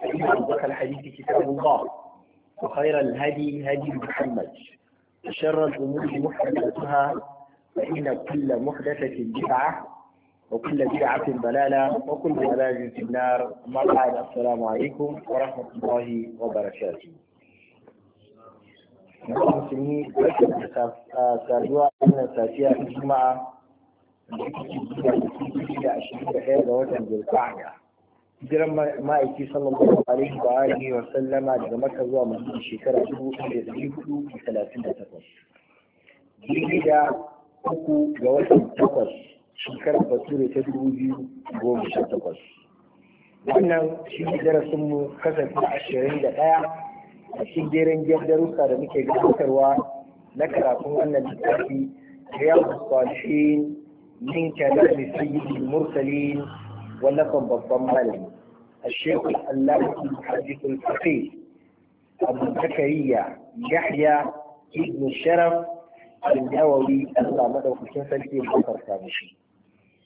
فإن أصدق الحديث كتاب الله وخير الهدي هدي محمد وشر الأمور محدثاتها فإن كل محدثة بدعة وكل بدعة ضلالة وكل ضلالة في النار أما بعد السلام عليكم ورحمة الله وبركاته musulmi rashin saduwa wannan safiya ta juma'a da da ashirin da ɗaya ga watan hijiran ma'aiki sallallahu alaihi wa alihi wa sallama daga maka zuwa madina shekara dubu ɗaya da ɗari hudu da talatin da takwas daidai uku ga watan takwas shekarar bature ta dubu biyu goma sha takwas wannan shi ne darasinmu kasance ashirin da ɗaya a cikin jerin darussa da muke gabatarwa na karatun wannan littafi riyadu salihin min kalami sayyidul mursalin wallafan babban malami الشيخ العلامة المحدث الفقيه أبو زكريا يحيى ابن الشرف النووي الله مدعو في كيف تلقي البطر كامشي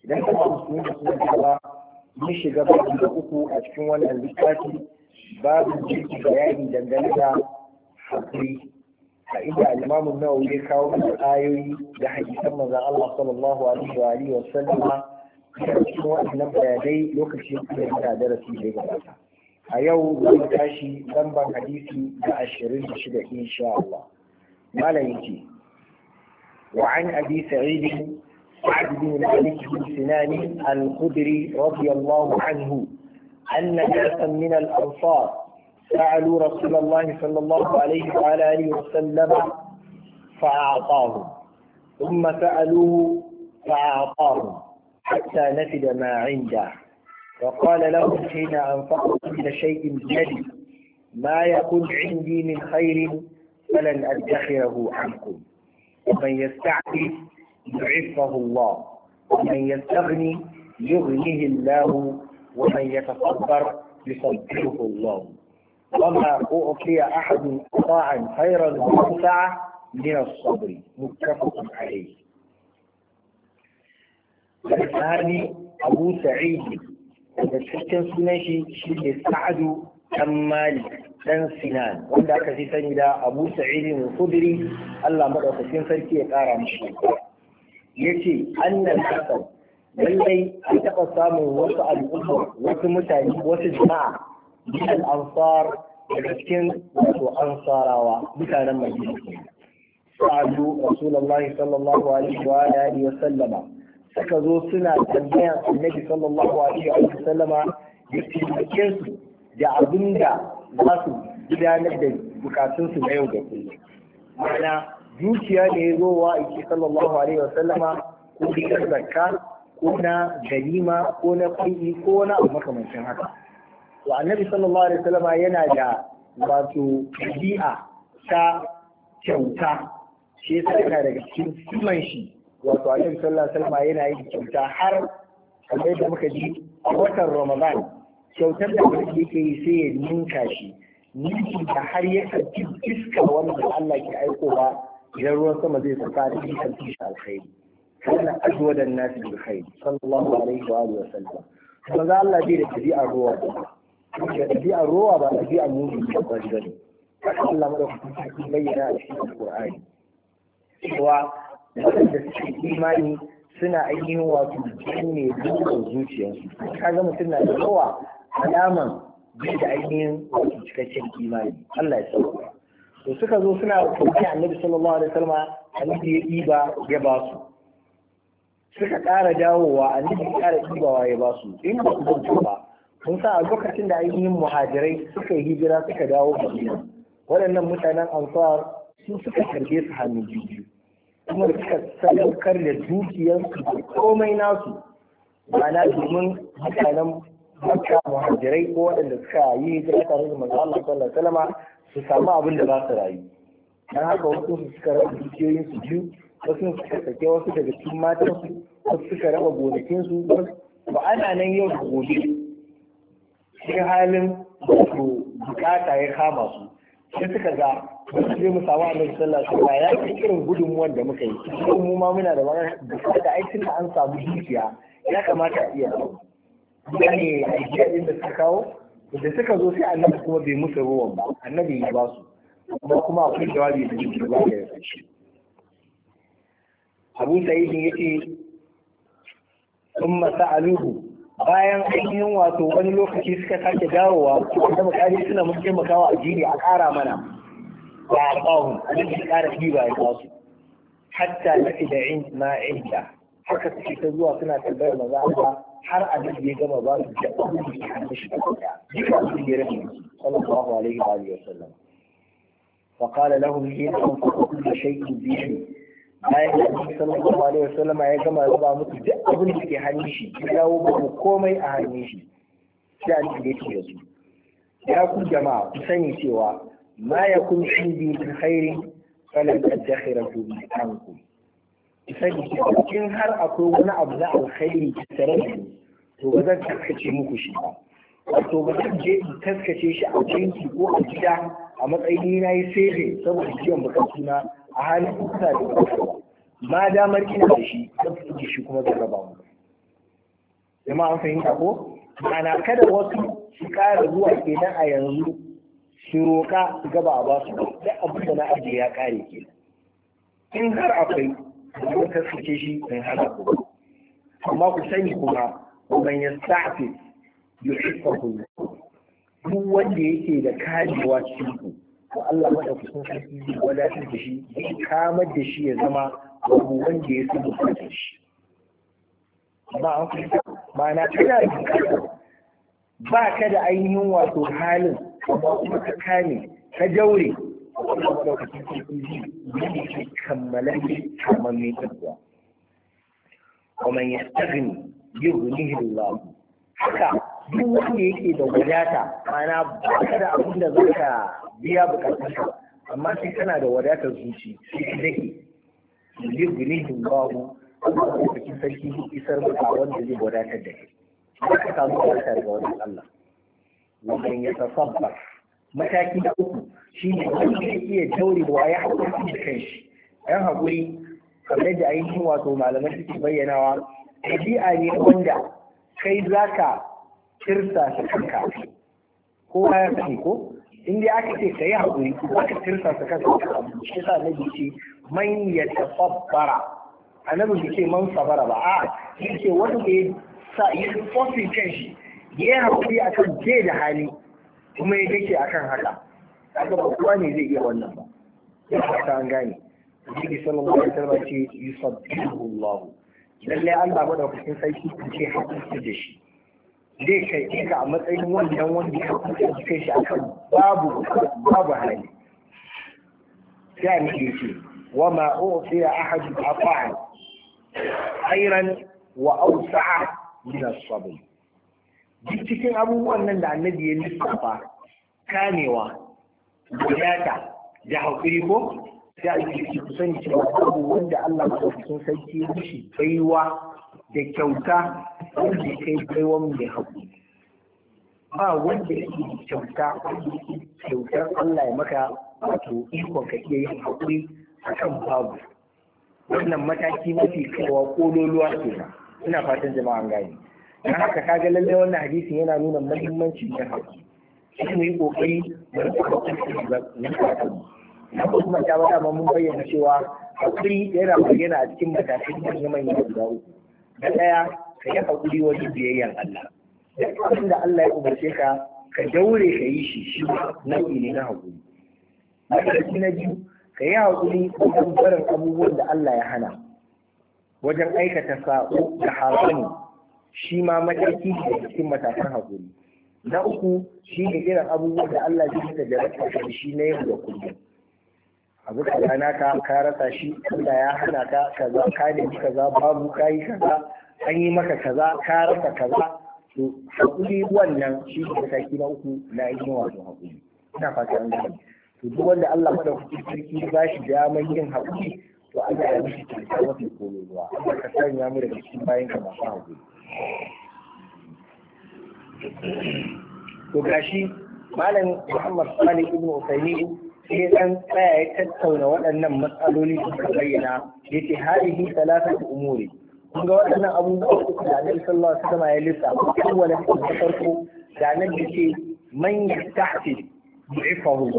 إذا كان المسلمين بسم الله مش قبل أن أكو أتكون البكاتي باب الجلد بياني دندنة حقري فإذا الإمام النووي يكاوم الآيوي لحديث من الله صلى الله عليه وآله وسلم cikin waɗannan bayanai lokacin da ya darasi da ya gabata a yau za mu tashi lambar hadisi na ashirin وعن أبي سعيد سعد بن مالك بن سنان الخدري رضي الله عنه أن ناسا من الأنصار سألوا رسول الله صلى الله عليه وعلى آله وسلم فأعطاهم ثم سألوه فأعطاهم حتى نفد ما عنده وقال لهم حين أنفقت كل شيء بيدي ما يكون عندي من خير فلن أدخره عنكم ومن يستعفي يعفه الله ومن يستغني يغنيه الله ومن يتصبر يصبره الله وما أعطي أحد أطاعا خيرا وأنفع من الصبر متفق عليه الثاني أبو سعيد الشكل سنشي شيء سعد أم مالك dan sinan wanda aka fi sani da abu sa'idin khudri Allah madaukakin sarki ya kara mishi yace annal hasan lallai an taɓa samun wasu al'umma wasu mutane wasu jama'a bisan ansar daga cikin wato ansarawa mutanen madina sa'adu rasulullahi sallallahu alaihi wa alihi wa sallama suka zo suna tambayan annabi sallallahu alaihi wa sallama da taimake su da abin da za su gudanar da su na yau da kullum Mana dukiya ne ya zo wa sallallahu alaihi wa sallama ko da zakka ko na ganima ko na kuɗi ko na abu makamancin haka to annabi sallallahu alaihi wa sallama yana da wato ɗabi'a ta kyauta shi yasa yana daga cikin siman shi wato annabi sallallahu alaihi yana yin kyauta har kamar da muka ji a watan ramadan kyautar da mutum yake yi sai ya ninka shi ninki da har ya karfi iska wanda Allah ke aikowa idan ruwan sama zai sauka da shi karfi shi alkhairi kana ajwada an-nas bil khair sallallahu alaihi wa alihi wasallam za Allah bai da tabi'ar ruwa da tabi'ar ruwa ba tabi'ar mutum ba ne Allah madaukakin sarki bayyana a cikin Qur'ani cewa da waɗanda suke imani suna ainihin wato ne dukkan zuciyarsu kaga mutum na da yawa alaman bai da ainihin wato cikakken imani Allah ya sauka to suka zo suna roƙi annabi sallallahu alaihi wasallam annabi ya ɗiba ya ba su suka ƙara dawowa annabi ya ƙara ɗibawa ya ba su in ba su zo ba kun sa a lokacin da ainihin muhajirai suka yi hijira suka dawo Madina waɗannan mutanen ansar su suka karbe su hannu biyu kuma suka sadaukar da dukiyarsu da komai nasu ma'ana domin mutanen makka muhajirai ko waɗanda suka yi hijira tare da manzo Allah sallallahu alaihi su samu abin da za su rayu dan haka wasu su suka raba dukiyoyin su biyu wasu suka sake wasu daga cikin matan su wasu suka raba gonakin su ba ana nan yau da gobe sai halin wato bukata ya kama su sai suka ga sai mu samu annabi sallallahu alaihi wasallam ya ci irin gudunmuwan da muka yi kuma mu ma muna da wani da aikin da an samu dukiya ya kamata a iya ya ne ajiya din da suka kawo da suka zo sai annabi kuma bai musu ruwan ba annabi ya ba su kuma kuma akwai jawabi da jirgin ba da ya shi abu saidu ya ce thumma sa'aluhu bayan ainihin wato wani lokaci suka sake dawowa da mutane suna mun taimakawa a jini a ƙara mana wa aqahum abin da kara riba ya ba su hatta da in ma inda haka suke ta zuwa suna tambayar maza Allah har abin da ya gama ba su da abin da ya hanta shi a daya duka abin da ya rabu sallallahu alaihi wa alihi wasallam فقال لهم حين انفقوا كل شيء بيده bayan da annabi sallallahu alaihi wasallama ya gama raba musu duk abin da ke hannun shi ya dawo muku komai a hannun shi sai an ce yake da su ya ku jama'a ku sani cewa ما يكون عندي من خير فلن أدخره من عنكم sani in har akwai wani abu na alkhairi tare da to ba zan kaskace muku shi ba wato ba zan je in kaskace shi a banki ko a gida a matsayin na yi sebe saboda biyan bukatu na a halin kusa da bukatu ma damar ina da shi zan fi shi kuma zan raba mu jama'a an fahimta ko ma'ana kada wasu su kara zuwa kenan a yanzu shi roƙa su gaba a basu da abin da na ajiye ya ƙare ke in har akwai da ta suke shi in hana ku amma ku sani kuma man ya sa'afi yuhibba ku duk wanda yake da kajewa cikin ku ko Allah mada ku sun sarki wadatar da shi zai kamar da shi ya zama abu wanda ya san bukata shi amma an kuma ma'ana kana da ba ka da ainihin wato halin kuma kame jaure wannan haka duk wanda yake da wadata mana ba ka da abin da za ka biya bukatunka amma sai kana da wadatar zuci sai dake sarki isar maka wanda zai wadatar da kai ka samu wadatar ga wajen Allah wannan ya tasabbar mataki na uku shi ne wanda ya iya daurewa ya haƙuri da kanshi ɗan haƙuri kamar da ainihin wato malaman suke bayyanawa ɗabi'a ne wanda kai za ka kirsa su kanka ko ya sani ko in dai aka ce ka yi haƙuri za ka kirsa su kanka shi sa na ce man ya tafabbara annabi bai ce man sabara ba a yake wanda ya sa ya fosil kanshi ya yi haƙuri a kan je da hali kuma ya dake a kan haka kaga ba kowa ne zai iya wannan ba ya fata an gane Jiki sallallahu alaihi wasallam ce yusabbihu Allah lalle Allah madaukakin sarki ku ce haƙuri da shi zai kai ka a matsayin wannan wanda ya da kai shi akan babu babu hali sai mu ce wa ma ufiya a afa'an khairan wa awsa'a min as-sabr duk cikin abubuwan nan da annabi ya lissafa kamewa wadata da haƙuri ko sai a yi ku sani cewa babu wanda Allah maɗaukakin sarki ya mishi baiwa da kyauta wanda ya kai mu mai haƙuri ba wanda yake da kyauta wanda yake kyautar Allah ya maka wato ikon ka iya yin haƙuri a kan babu wannan mataki mafi kawo ƙololuwa ke ina fatan jama'an gani da haka ka kaga lalle wannan hadisin yana nuna muhimmanci yin haƙuri shi mu yi kokari mu rika haƙuri da mu na kuma ta bada mun bayyana cewa haƙuri yana bayyana a cikin matakai da manyan manyan guda uku na ɗaya ka yi haƙuri wajen biyayyan Allah duk abin da Allah ya umarce ka ka daure ka yi shi shi nau'i ne na haƙuri mataki na biyu ka yi haƙuri wajen barin abubuwan da Allah ya hana wajen aikata sa'o da haramun shi ma mataki da cikin matakan hakuri na uku shi ne irin abubuwan da Allah zai da jarabta da shi na yau da kullum abu ka rana ka ka rasa shi Allah ya hana ka kaza ka kaza babu ka kaza an yi maka kaza ka rasa kaza to hakuri wannan shi ne mataki na uku na yin wato hakuri ina fata an gani to duk wanda Allah madaukakin sarki ba shi damar yin hakuri to Allah ya mishi kyauta mafi komai ruwa Allah ka sanya mu daga cikin bayan ka masu hakuri to gashi malam Muhammad Sani ibn Usaini sai dan tsaya ya tattauna waɗannan matsaloli da suka bayyana ya ce yace hadihi da umuri kun ga waɗannan abubuwa uku da sallallahu alaihi wasallam ya lissafa kowanne da farko da nan yace man yastahfi du'ifahu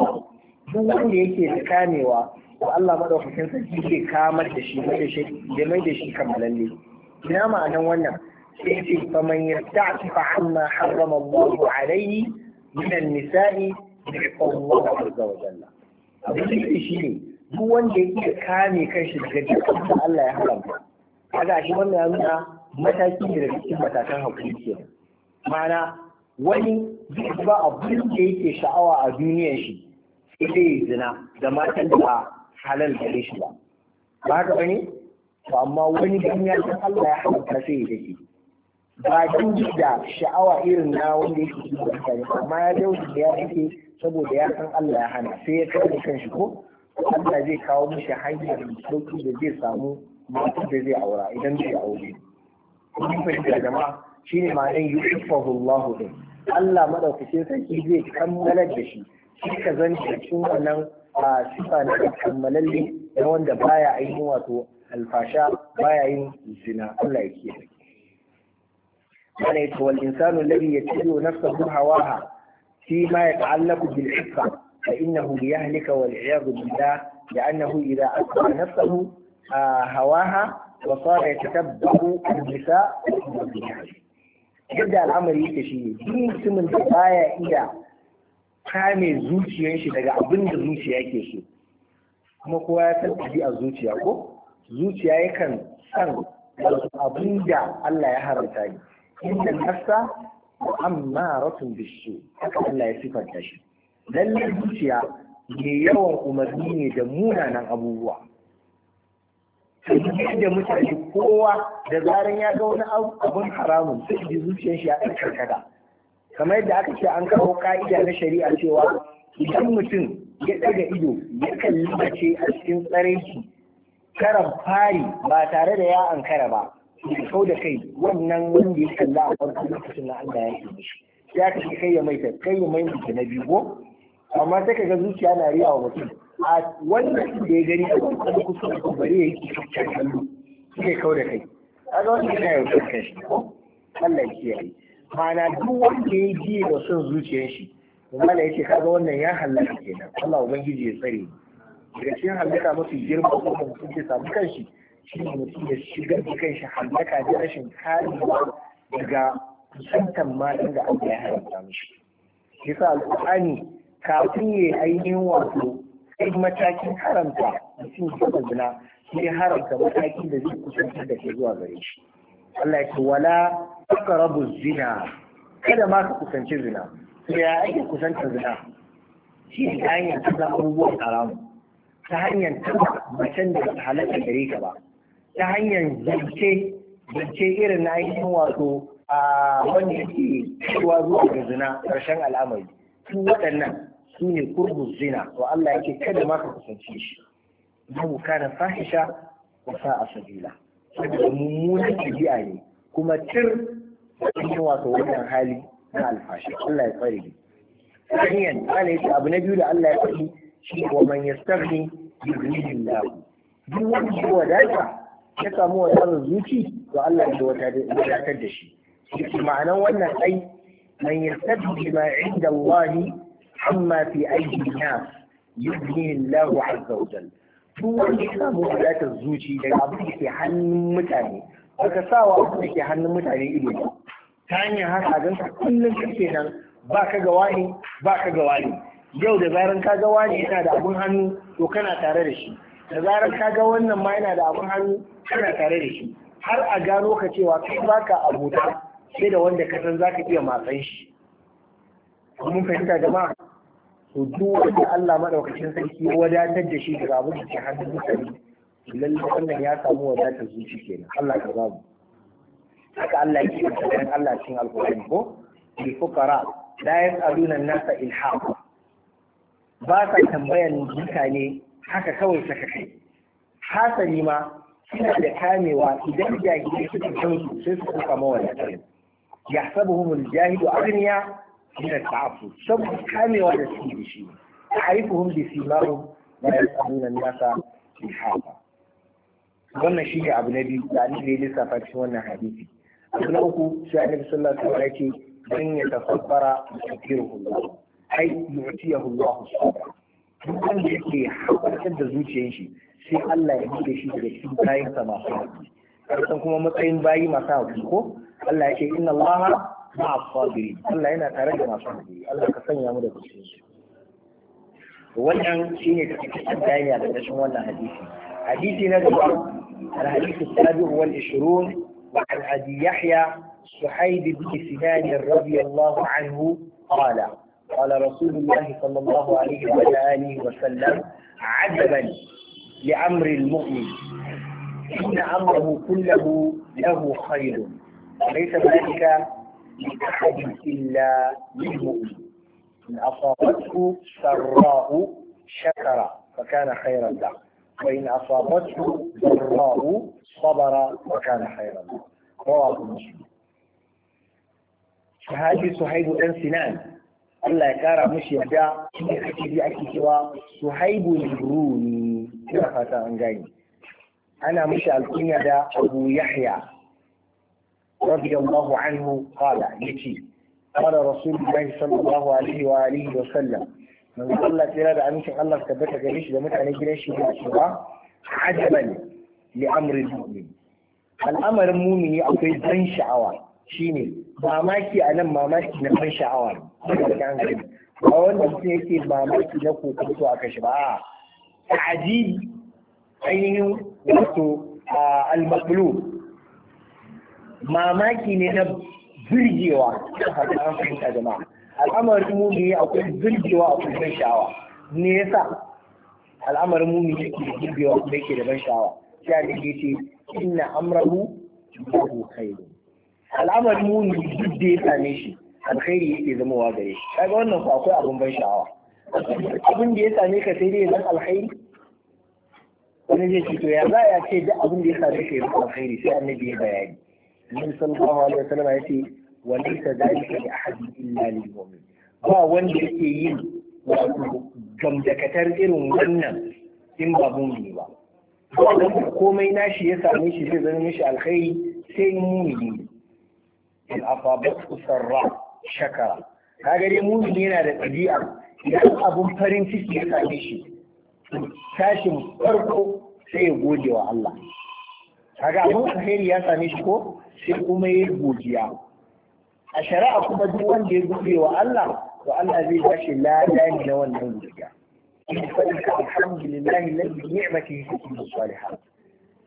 duk wanda yake da kamewa Allah madaukakin sarki ke kamar da shi mai da shi da mai da shi kamalalle ina ma'anan wannan sai faman yasta'fi fa amma harrama Allah alayhi min an-nisa'i bi'a Allah azza wa jalla abin da shi ne duk wanda yake kame kanshi daga dukkan da Allah ya haramta kaga shi wannan ya nuna mataki ne daga cikin matakan hakuri kenan Mana wani duk ba abin da yake sha'awa a duniyar shi ita yi zina da matan da ba halal gare shi ba ba haka bane to amma wani dan ya san Allah ya haramta sai ya dake ba duk da sha'awa irin na wanda yake da mutane amma ya dauki da ya take saboda ya san Allah ya hana sai ya kan shi ko Allah zai kawo mishi hanyar sauki da zai samu mata da zai aura idan zai aure kun fahimta jama'a shine ma'anar yusufahu Allah din Allah madaukakin sarki zai kammalar da shi shi ka shi cikin wannan a sifa na kammalalle na wanda baya ainihin wato alfasha baya yin zina Allah ya kiyaye ana yace wal insanu alladhi yatiru nafsahu hawaha fi ma yata'allaqu bil ifka fa innahu yahlika wal iyadu billah لأنه إذا أتبع نفسه هواها وصار يتتبع النساء yadda al'amari yake shi ne duk mutumin da baya iya kame zuciyar shi daga abin da zuciya ke so kuma kowa ya san a zuciya ko zuciya yakan san abin da Allah ya haramta ne inda amma ratun bisu haka Allah ya sifanta shi lalle zuciya mai yawan umarni ne da munanan abubuwa da mutane kowa da zaran ya ga wani abun haramun sai ji zuciyar shi a karkada kamar yadda aka ce an kawo ka'ida na shari'a cewa idan mutum ya ɗaga ido ya kalli a cikin tsaraiki karan fari ba tare da ya ankara ba kau da kai wannan wanda ya kalla a farkon lokacin na Allah ya ke shi ya kashe kai ya maita kai ya maita na biyu ko amma sai ka ga zuciya na riya wa mutum a wannan da ya gani a farkon kusa ko bari ya yi kyakkyar kallo sai kau da kai a ga kai ya yi kashi ko Allah ya kiyaye mana duk wanda ya ji da son zuciyar shi kuma da yake kaga wannan ya halaka kenan Allah ubangiji ya tsare ni. daga cikin halaka mafi girma ko mutum ke samu kanshi shi ne mutum ya shigar da kai shi hallaka da rashin karewa daga kusantar matan da Allah ya haramta mishi yasa alƙur'ani kafin ya ainihin wato kai matakin haramta mutum ya taɓa zina sai haramta matakin da zai kusantar da ke zuwa gare shi Allah ya ce wala taqrabu zina kada ma ka kusanci zina sai ya ake kusantar zina shi ne hanyar taɓa abubuwan haramu ta hanyar taɓa macen da ba halatta gare ka ba ta hanyar zance zance irin na yi wato a wanda yake cewa zuwa ga zina ƙarshen al'amari su waɗannan su ne kurbus zina to Allah yake kada ma ka kusance shi babu kana fahisha wa a sabila saboda mummunan ɗabi'a ne kuma tir cikin wato wannan hali na alfashi Allah ya tsare ni hanyar Allah ya ce abu na biyu da Allah ya faɗi shi wa man yastaghni bi ghayril duk wanda ya wadata ya samu wata zuci to Allah ya wadatar da shi ma'anan wannan ai man yastabi ma inda Allah amma fi aiki na. yubni Allah azza wa jal to wanda ya samu wadatar zuci da abin da ke hannun mutane baka sawa abin da ke hannun mutane ido ta hanyar haka ganka kullum kake nan ba ka ga wani ba ka ga wani yau da zaran ka ga wani yana da abun hannu to kana tare da shi da zarar ka ga wannan ma yana da abin hannu kana tare da shi har a gano ka cewa kai baka abota sai da wanda ka san ka iya matsan shi mun fahimta jama'a to duk wanda Allah madaukakin sarki ya wadatar da shi daga abin da ke hannun mutane lalle wannan ya samu wadatar zuci kenan Allah ka ba mu haka Allah yi cikin Allah cikin alƙur'ani ko bi fuqara da yas'aluna an-nasa ilham ba sa tambayan mutane haka kawai saka kai hasani ma suna da kamewa idan jahilai suka kansu sai su kuka mawadatar ya sabu humul jahilu agniya min al-ta'afu saboda kamewa da suke da shi ta'arifuhum bi simarihim la yasabuna an-nasa bihafa wannan shi ne abu na biyu da annabi ya lissafa cikin wannan hadisi abu na uku sai annabi sallallahu alaihi wasallam yake dan ya tafakkara yusiruhu Allah ai yu'tiyahu Allah sabra duk wanda yake haɓarkar da zuciyar shi sai Allah ya buɗe shi daga cikin bayan masu haƙi kuma matsayin bayi masu haƙi ko Allah ya ce inna Allah ma'a sabiri Allah yana tare da masu haƙi Allah ka sanya mu da cikin su wannan shine cikakken bayani a ƙarƙashin wannan hadisi hadisi na gaba الحديث السابع والعشرون وعن أبي يحيى سحيد بن سنان رضي الله عنه قال قال رسول الله صلى الله عليه وعلى آله وسلم عجبا لأمر المؤمن إن أمره كله له خير وليس ذلك لأحد إلا للمؤمن إن أصابته سراء شكر فكان خيرا له وإن أصابته ضراء صبر وكان خيرا له رواه مسلم فهذه صهيب بن سنان Allah ya kara mashi yadda shi ake bi ake cewa Suhaibu Rumi ina fata an gani ana mushi alkunya da Abu Yahya radiyallahu anhu qala yace qala rasulullahi sallallahu alaihi wa alihi wa sallam man Allah tsira da amincin Allah tabbata gare shi da mutane gidan shi da cewa ajaban li amri mu'min al'amarin mumini akwai ban sha'awa shine mamaki a nan mamaki na ban sha'awa ba wanda mutum yake mamaki na kokonto a kashi ba a aji ainihin wato a maqlub mamaki ne na birgewa haka an fahimta jama'a al'amarin mumini akwai birgewa a ban sha'awa ne yasa al'amarin mumi yake da birgewa kuma yake da ban sha'awa sai a ce inna amrahu lahu khairu al'amari muni duk da ya same shi alkhairi yake zamowa gare shi kaga wannan ku akwai abin ban sha'awa abin da ya same ka sai dai zan alkhairi wani zai ce to ya za ya ce duk abin da ya same ka yanzu alkhairi sai annabi ya bayani annabi sallallahu alaihi wasallam ya ce wa laysa dhalika li ahadin illa lil mu'min ba wanda yake yin wato gamdakatar irin wannan in ba mumini ba komai nashi ya same shi zai zama mishi alkhairi sai in mumini in asabatu sarra shakara kaga dai mumin yana da ɗabi'a idan abun farin ciki ya same shi tashin farko sai ya gode wa Allah kaga abun alheri ya same shi ko sai kuma ya godiya a shari'a kuma duk wanda ya gode wa Allah to Allah zai ba shi lada na wannan godiya fa'ika alhamdulillahi ladhi ni'matihi tatimmu salihat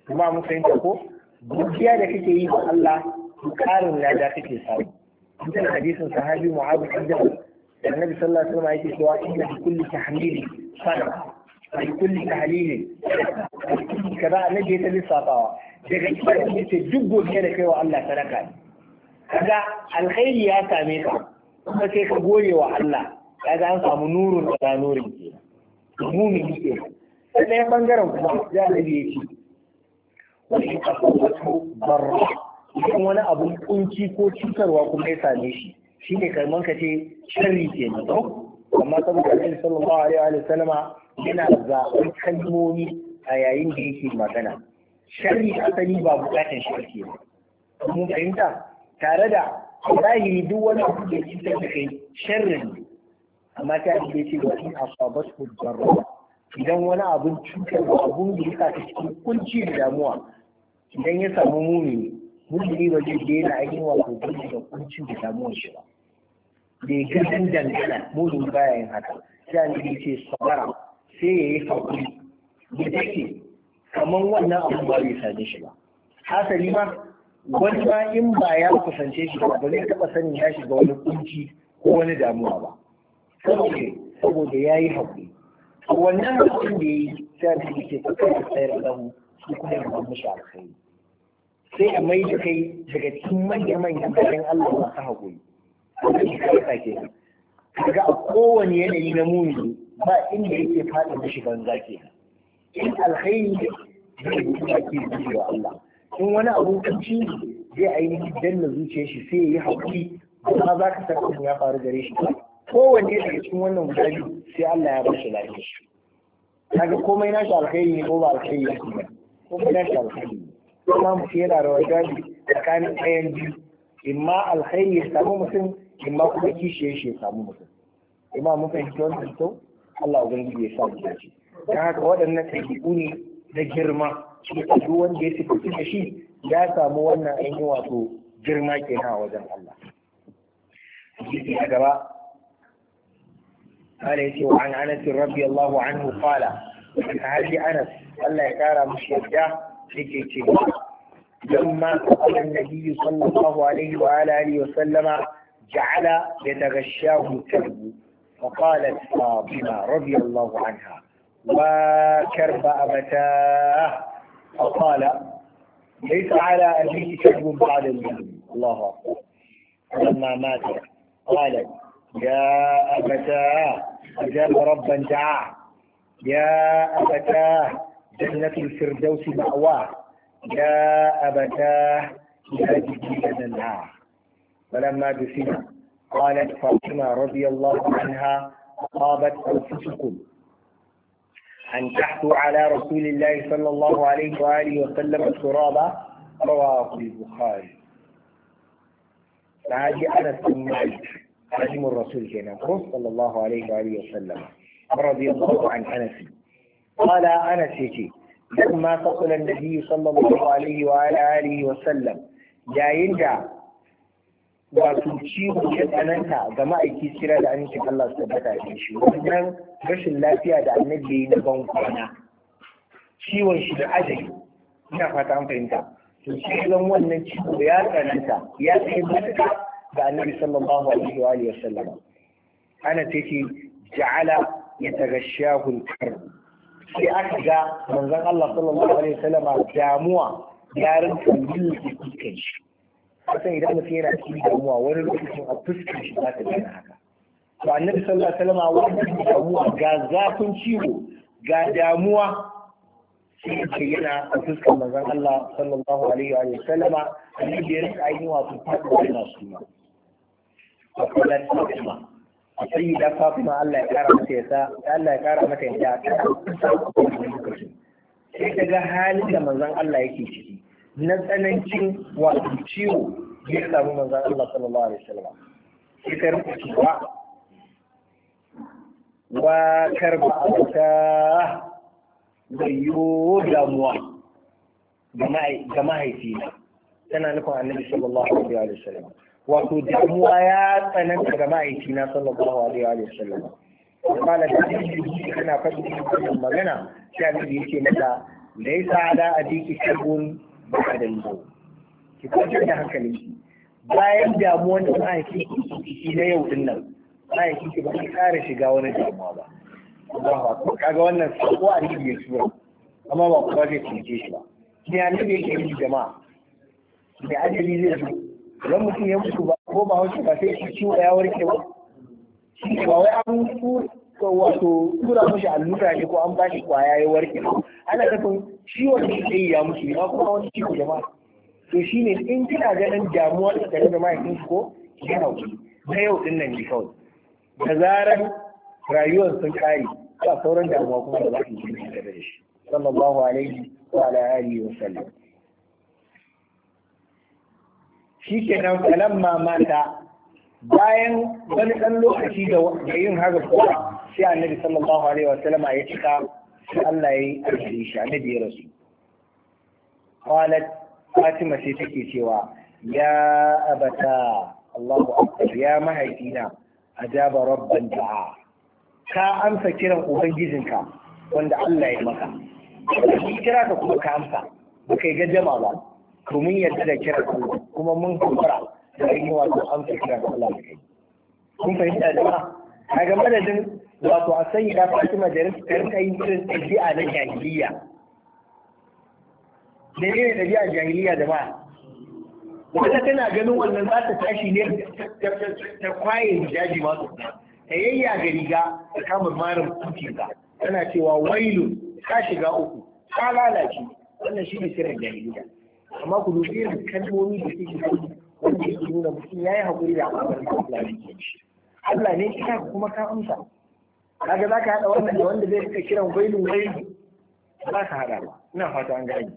kuma mun fahimta ko godiya da kake yi wa Allah karin lada kake samu cikin hadisin sahabi mu'abu bin jabal da annabi sallallahu alaihi wasallam yake cewa inna bi kulli tahmili sadaqa bi kulli tahlili kaza annabi ya lissafawa daga cikin yace duk gobe da kai wa Allah sadaka ne kaga alkhairi ya same ka kuma sai ka goye wa Allah kaga an samu nurun da nurin ke mumini ke sai ɗaya bangaren kuma ya annabi ya ce wani kasuwa barra idan wani abun kunci ko cutarwa kuma ya same shi shi ne karman ka ce sharri ke na amma saboda annabi sallallahu alaihi wa sallama yana zaɓar kalmomi a yayin da yake magana sharri asali ba bukatar sharri ba mun fahimta tare da zahiri duk wani abu da yake da kai sharri ne amma ta yi ce wa in asabatu darra idan wani abun cutarwa abun da ya sa cikin kunci da damuwa idan ya samu ne. musulmi ba zai daina ainihin wato gani da kuncin da damuwar shi ba bai ganin dangana mumin baya yin haka sai ne ce sabara sai ya yi haƙuri da take kamar wannan abu ba bai same shi ba hasali ma wani ma in ba ya kusance shi ba ba zai taɓa sanin ya shiga wani kunci ko wani damuwa ba saboda saboda ya yi haƙuri wannan haƙurin da ya yi sai ne ce ka kai da tsayar da mu su kuma ya ba alkhairi sai a mai da kai daga cikin manyan manyan bayan Allah masu haƙuri wanda sake a kowane yanayi na muni ba inda yake faɗin da shigan zaki in alkhairi zai yi zaki da wa Allah in wani abu kanci zai ainihin danna zuciyar shi sai yi haƙuri amma za ka san ya faru gare shi kowanne daga cikin wannan guda biyu sai Allah ya ba shi lafiya kaga komai nashi alkhairi ne ko ba alkhairi ne komai nashi alkhairi ne kuma mutum yana rawar gadi tsakanin ɗayan biyu imma alkhairi ya samu mutum imma kuma kishiye ya samu mutum imma mun fahimci wannan kyau Allah ubangiji ya sa mu dace dan haka waɗannan ɗabi'u ne na girma shi duk wanda ya sifanci da shi ya samu wannan ainihin wato girma kenan a wajen Allah hadisi a gaba قال يتي عن انس رضي الله عنه قال هذه انس الله يكرم شيخه لما cewa النبي صلى الله عليه sallallahu alaihi wa alihi wa sallama فقالت فاطمة رضي الله عنها وكرب أبتاه فقال ليس على أبيه كرب بعد المسلم الله أكبر فلما مات قالت يا أبتاه أجاب ربا دعاه يا أبتاه جنة الفردوس مأواه يا أبتاه يا جديد النار فلما دفن قالت فاطمة رضي الله عنها أصابت أنفسكم أن تحثوا على رسول الله صلى الله عليه وآله وسلم التراب رواه البخاري فهذه أنس بن مالك الرسول كان صلى الله عليه وآله وسلم رضي الله عن أنس قال أنس يجي لما فصل النبي صلى الله عليه وعلى آله وسلم جاين جا wato ciwon ya tsananta ga ma'aiki kira da amincin Allah su tabbata da shi wannan rashin lafiya da annabi na ban kwana ciwon shi da ajali ina fata an fahimta to shi zan wannan ciwo ya tsananta ya kai matuƙa ga annabi sallallahu alaihi wa alihi wasallam ana ce ja'ala yatagashahu al-karb sai aka ga manzon Allah sallallahu alaihi wasallam damuwa yarin tambayi da fuskan shi kasan idan mutum yana cikin damuwa wani lokacin a fuskan shi za ta gane haka to annabi sallallahu alaihi wasallam wani damuwa ga zafin ciwo ga damuwa sai ce yana a fuskan manzon Allah sallallahu alaihi wa sallama da ya rika ainihin wato fadi da nasu ma. Akwai lafiya A sai dafa kuma Allah ya kara mata yasa Allah ya kara mata yasa sai ta ga halin da manzan Allah yake ciki na tsanancin wato ciwo ya samu manzan, Allah sallallahu alaihi wasallam sai ta rubuta cewa wa karba ta bayyo damuwa ga mahaifina tana nufin annabi sallallahu alaihi wasallam wato damuwa ya tsananta ga ma'aiki na sallallahu alaihi wa sallam kala da kana faɗi cikin magana sai annabi yake mata laysa ala adiki sharbun ba da mu ki kace da hankali bayan damuwan da ma'aiki shi na yau din nan ma'aiki ki ba ki ƙara shiga wani damuwa ba Allahu akbar kaga wannan sako a cikin ya amma ba ku ba zai tunce shi ba ni annabi yake yi jama'a da ajali zai zo idan mutum ya mutu ba ko ba wasu ba sai shi ciwo ya warke ba ba wai an wato tura mashi allura ne ko an bashi kwaya ya warke ba. ana kafin ciwon da ke ya mutu ya kuma wani ciwo jama'a to shine in kina ganin damuwa da tare da mahaifin ko ya hauki na yau din nan ne kawai da zarar rayuwar sun kare ba sauran damuwa kuma da za su yi da shi sallallahu alaihi wa alihi wa sallam shi ke nan kalan mamata bayan wani ɗan lokaci da yin haka kuwa sai annabi sallallahu alaihi wa sallama ya cika sai Allah ya yi alheri shi annabi ya rasu fatima sai take cewa ya abata Allahu akbar ya mahaifina ajaba rabban da'a ka amsa kiran ubangijinka wanda Allah ya maka shi kira ka kuma ka amsa ba kai gajama ba to mun yarda da kira Allah kuma mun hakura da yin wato amsa da Allah da kai kun fahimta da ba a game da din wato a sanya da Fatima da rinka rinka yin irin ɗabi'a na jahiliya da irin ɗabi'a jahiliya da ba wata tana ganin wannan za ta tashi ne ta kwaye hijaji masu ta yayya ga riga ta kama marin kukinka tana cewa wailu ta shiga uku ta lalace wannan shi ne sirrin jahiliya amma ku dubi irin kalmomi da suke yi wanda yake nuna mutum ya yi haƙuri da al'amarin da Allah ya shi Allah ne ka kuma ka amsa kaga za ka haɗa wannan da wanda zai rika kiran gwailin wailu ba ka haɗa ba ina fata an gani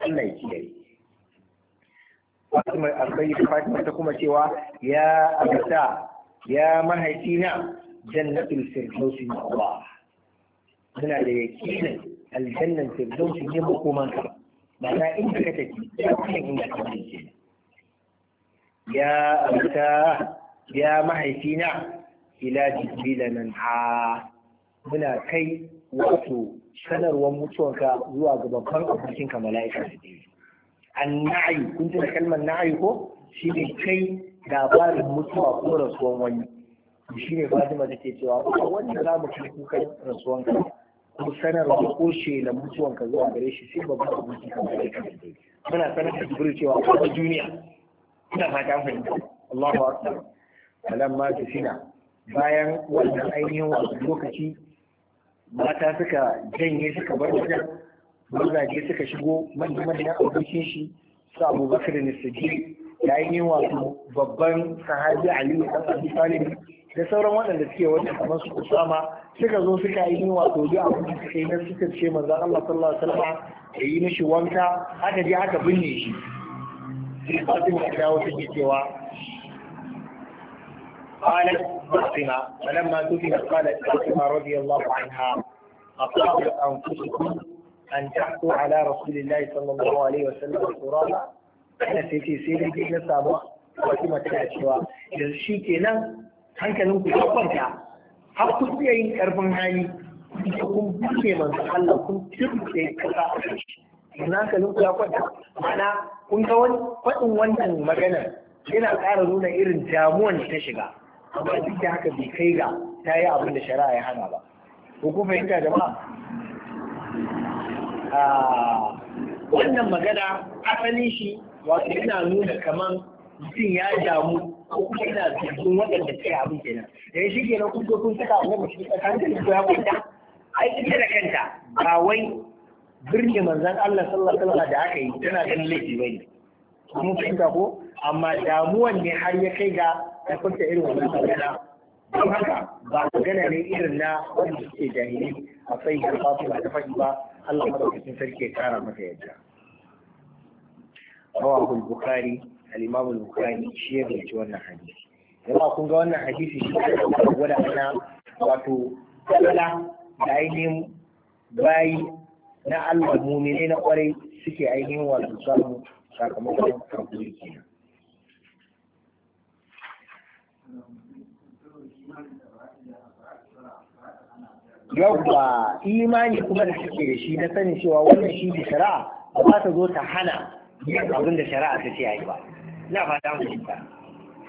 Allah ya kiyaye Fatima da Fatima ta kuma cewa ya abata ya mahaifina jannatul firdausi na Allah muna da yakinin aljannan firdausi ne makomanka ma'ana inda ka tafi ya kuma inda ka tafi ya abta ya mahaifi mahaifina ila jibrila nan ha muna kai wato sanarwar mutuwanka zuwa ga babban abokinka mala'ika da dai an na'ayi kun tuna kalmar na'ayi ko shi ne kai labarin mutuwa ko rasuwan wani shi ne fatima take cewa wanda za mu kai kukan rasuwanka sanar sanarwa kushe da mutuwan ka zuwa gare shi sai babban ka kamar da kan muna sanar da jibril cewa ko duniya ina fata fahimta Allahu akbar falamma tusina bayan wannan ainihin wasu lokaci mata suka janye suka bar wajen mazaje suka shigo manyan manyan abokin shi su abubakar ne su da ainihin wasu babban sahabi ali dan abi talib da sauran waɗanda suke wajen kamar su Usama suka zo suka yi wato duk a da suka yi na suka ce Allah sallallahu alaihi wasallam ya yi mishi wanka aka je aka binne shi sai Fatima ta dawo take cewa قالت فاطمة فلما دفنت قالت فاطمة رضي الله عنها أطلعت أنفسكم أن تحكوا على رسول الله صلى الله عليه وسلم القرآن أنا سيتي سيدي كيف سابق Fatima tana cewa yanzu shi kenan hankalin ku ya kwanta har ku iya yin karfin hali kun buke manzo Allah kun turbe kasa ina hankalin ku ya kwanta mana kun ga wani faɗin wannan maganar yana ƙara nuna irin damuwan da ta shiga amma duk da haka bai kai ga ta yi abin da shari'a ya hana ba ko ku fahimta ba? Ah, wannan magana asalin shi wato yana nuna kamar mutum ya damu ko kuma ina zargin waɗanda suka abin kenan da ya shi kenan kun kun saka a wani shi tsakanin da ya kwanta ai ita da kanta ba wai birni manzan Allah sallallahu alaihi wasallam da aka yi tana ganin laifi bane mun fahimta ko amma damuwan ne har ya kai ga tafarta irin wannan magana don haka ba gana ne irin na wanda suke jahili a sai har fasu ba ta faɗi ba Allah madaukakin sarki ya kara masa yadda. Rawahu al-Bukhari Alimamu lukani shi ya rubuta wannan hadisi yana kun ga wannan hadisi shi ne wadda ana wato tsala da ainihin bayi na Allah ne na kwarai suke ainihin wato samu sakamakon kaburi kenan yawwa imani kuma da suke da shi na sanin cewa wannan shi da shari'a ba ta zo ta hana yin abin da shari'a ta ce yi ba na ma damu ne ta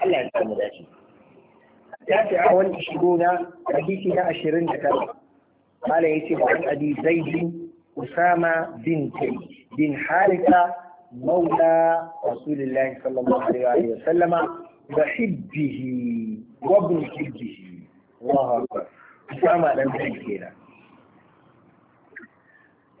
Allah ya samu dace ya fi a wani shigo na hadisi na ashirin da mala ya ce ba'an adi zaidi usama bin kai bin harika mawla rasulullahi sallallahu alaihi wa sallama da hibbihi wabin hibbihi Allahu akbar usama dan kai kenan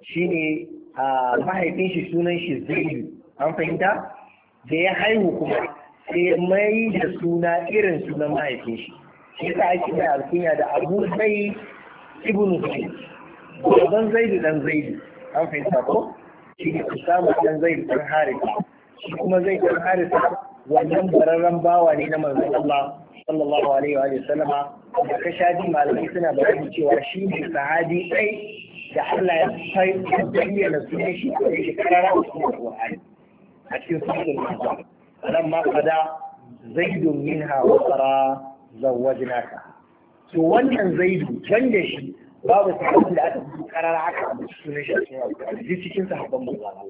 shine a ah, mahaifin shi sunan shi zaidi an fahimta da ya haihu kuma sai mai da suna irin sunan mahaifin shi shi yasa ake da alkunya da abu sai ibnu zaid baban zaidu dan zaidu an fahimta ko shi ne ku samu dan zaidu dan harisa shi kuma zai dan harisa wannan bararren bawa ne na manzon Allah sallallahu alaihi wa sallama da kashaji malami suna bayani cewa shi ne sahabi ɗai da Allah ya bayyana sunan shi a cikin karara a cikin Qur'ani a cikin suratul ahzab anan ma kada zaidun minha wa qara zawwajnaka to wannan zaidu wanda shi babu sahabin da aka fi karara aka abu sunan shi a cikin alƙur'ani duk cikin sahabban manzon Allah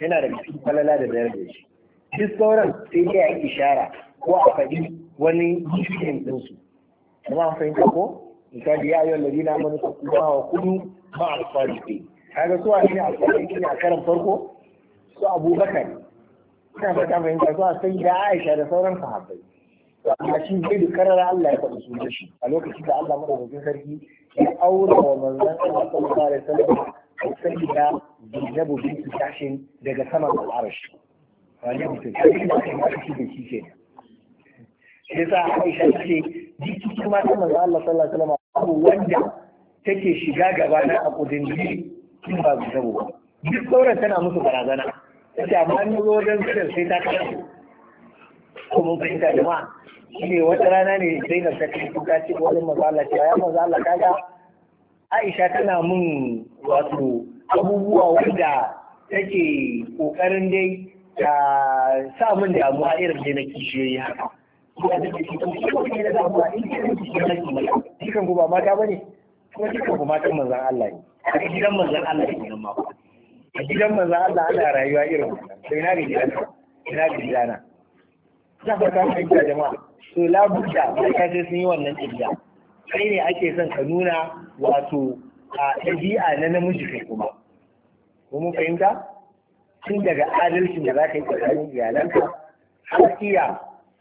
yana da cikin falala da bayar da shi duk sauran sai dai a yi ishara ko a faɗi wani jikin ɗinsu amma an fahimta ko misali ya yi wallazi na mana kuma wa kudu ma alfariƙi kaga su a ne alfariƙi ne a karan farko su abubakar ina fata fahimta su a sai da aisha da sauran sahabbai amma shi zai da karar Allah ya faɗi sunan shi a lokacin da Allah madaukakin sarki ya aure wa manzon Allah sallallahu alaihi wasallam sai da zainabu binti tashin daga saman al'arashi wani mutum sai da aka yi shi da shi ke sai sa Aisha ta ce duk cikin matan manzon Allah sallallahu alaihi wasallam abu wanda take shiga gaba na a kudin jini kin ba zainabu ba duk sauran tana musu barazana Ita amma an zo wajen siyar sai ta kashe. Kuma da ma. Shi wata rana ne Zainab ta kai kuka wajen maza Allah ya maza Allah kaga Aisha tana mun wato abubuwa wanda take kokarin dai ta sa min damuwa irin da na kishiyoyi haka. Kuma da da ke mata. ba mata ba ne? Kuma dukan ku mata manzan Allah ne. A gidan manzan Allah ne nan ma. a gidan manzo Allah ana rayuwa irin sai na ga gidana sai na ga gidana za ka ta fahimta jama'a to labuda sai ka sun yi wannan ɗabi'a kai ne ake son ka nuna wato a ɗabi'a na namiji kai kuma ko fahimta tun daga adalcin da za ka yi tsakanin iyalanka har iya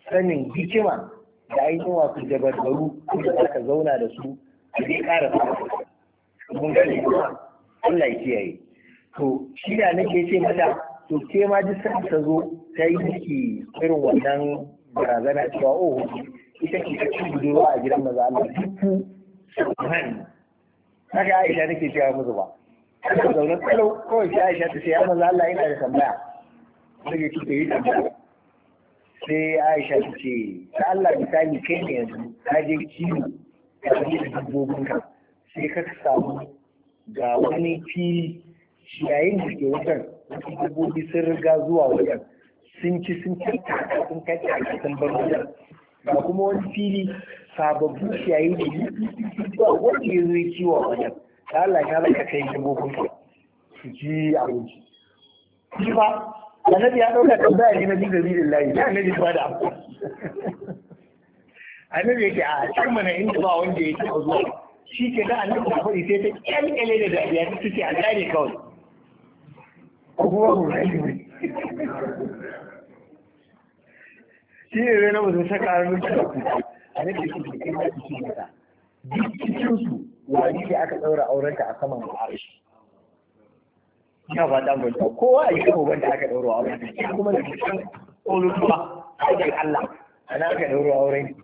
sanin hikima da ainihin wato dabarbaru da za ka zauna da su a zai ƙara sa mun gani Allah ya kiyaye. to shi da nake ce mata to ke ma ji san ta zo ta yi miki irin wannan barazana cewa oh ita ke ta ci budurwa a gidan maza Allah duku subhan haka Aisha nake cewa musu ba haka zaune tsalo, kawai sai Aisha ta ce ya maza Allah yana da tambaya nake ki ta yi tambaya sai Aisha ta ce ta Allah misali kai ne yanzu ka je kiwo ka je dabbobinka sai ka samu ga wani fili ciyayin da ke wajen wasu dabbobi sun riga zuwa wajen sun ci sun tattaka sun a sun bar wajen ga kuma wani fili sababbin ciyayi da yi ba wanda ya zo ya kiwo a wajen ta Allah ya raka kai dabbobin ka su ji abinci shi ba annabi ya dauka tambaya ne na bi da layi na annabi ba da abu annabi yake a can mana inda ba wanda ya taɓa zuwa shi ke da annabi ta faɗi sai ta kyalkyale da dariya ta ce a gane kawai kuma hura ne shi ne rana musu ta ƙarar da kuka a nake shi da kai da shi mata duk cikin su wani ne aka ɗaura aurenta a saman al'arshi Ya ba ta banta kowa a yi wanda aka ɗaura aurenta kuma da cikin ƙololuwa a cikin Allah ana aka ɗaura auren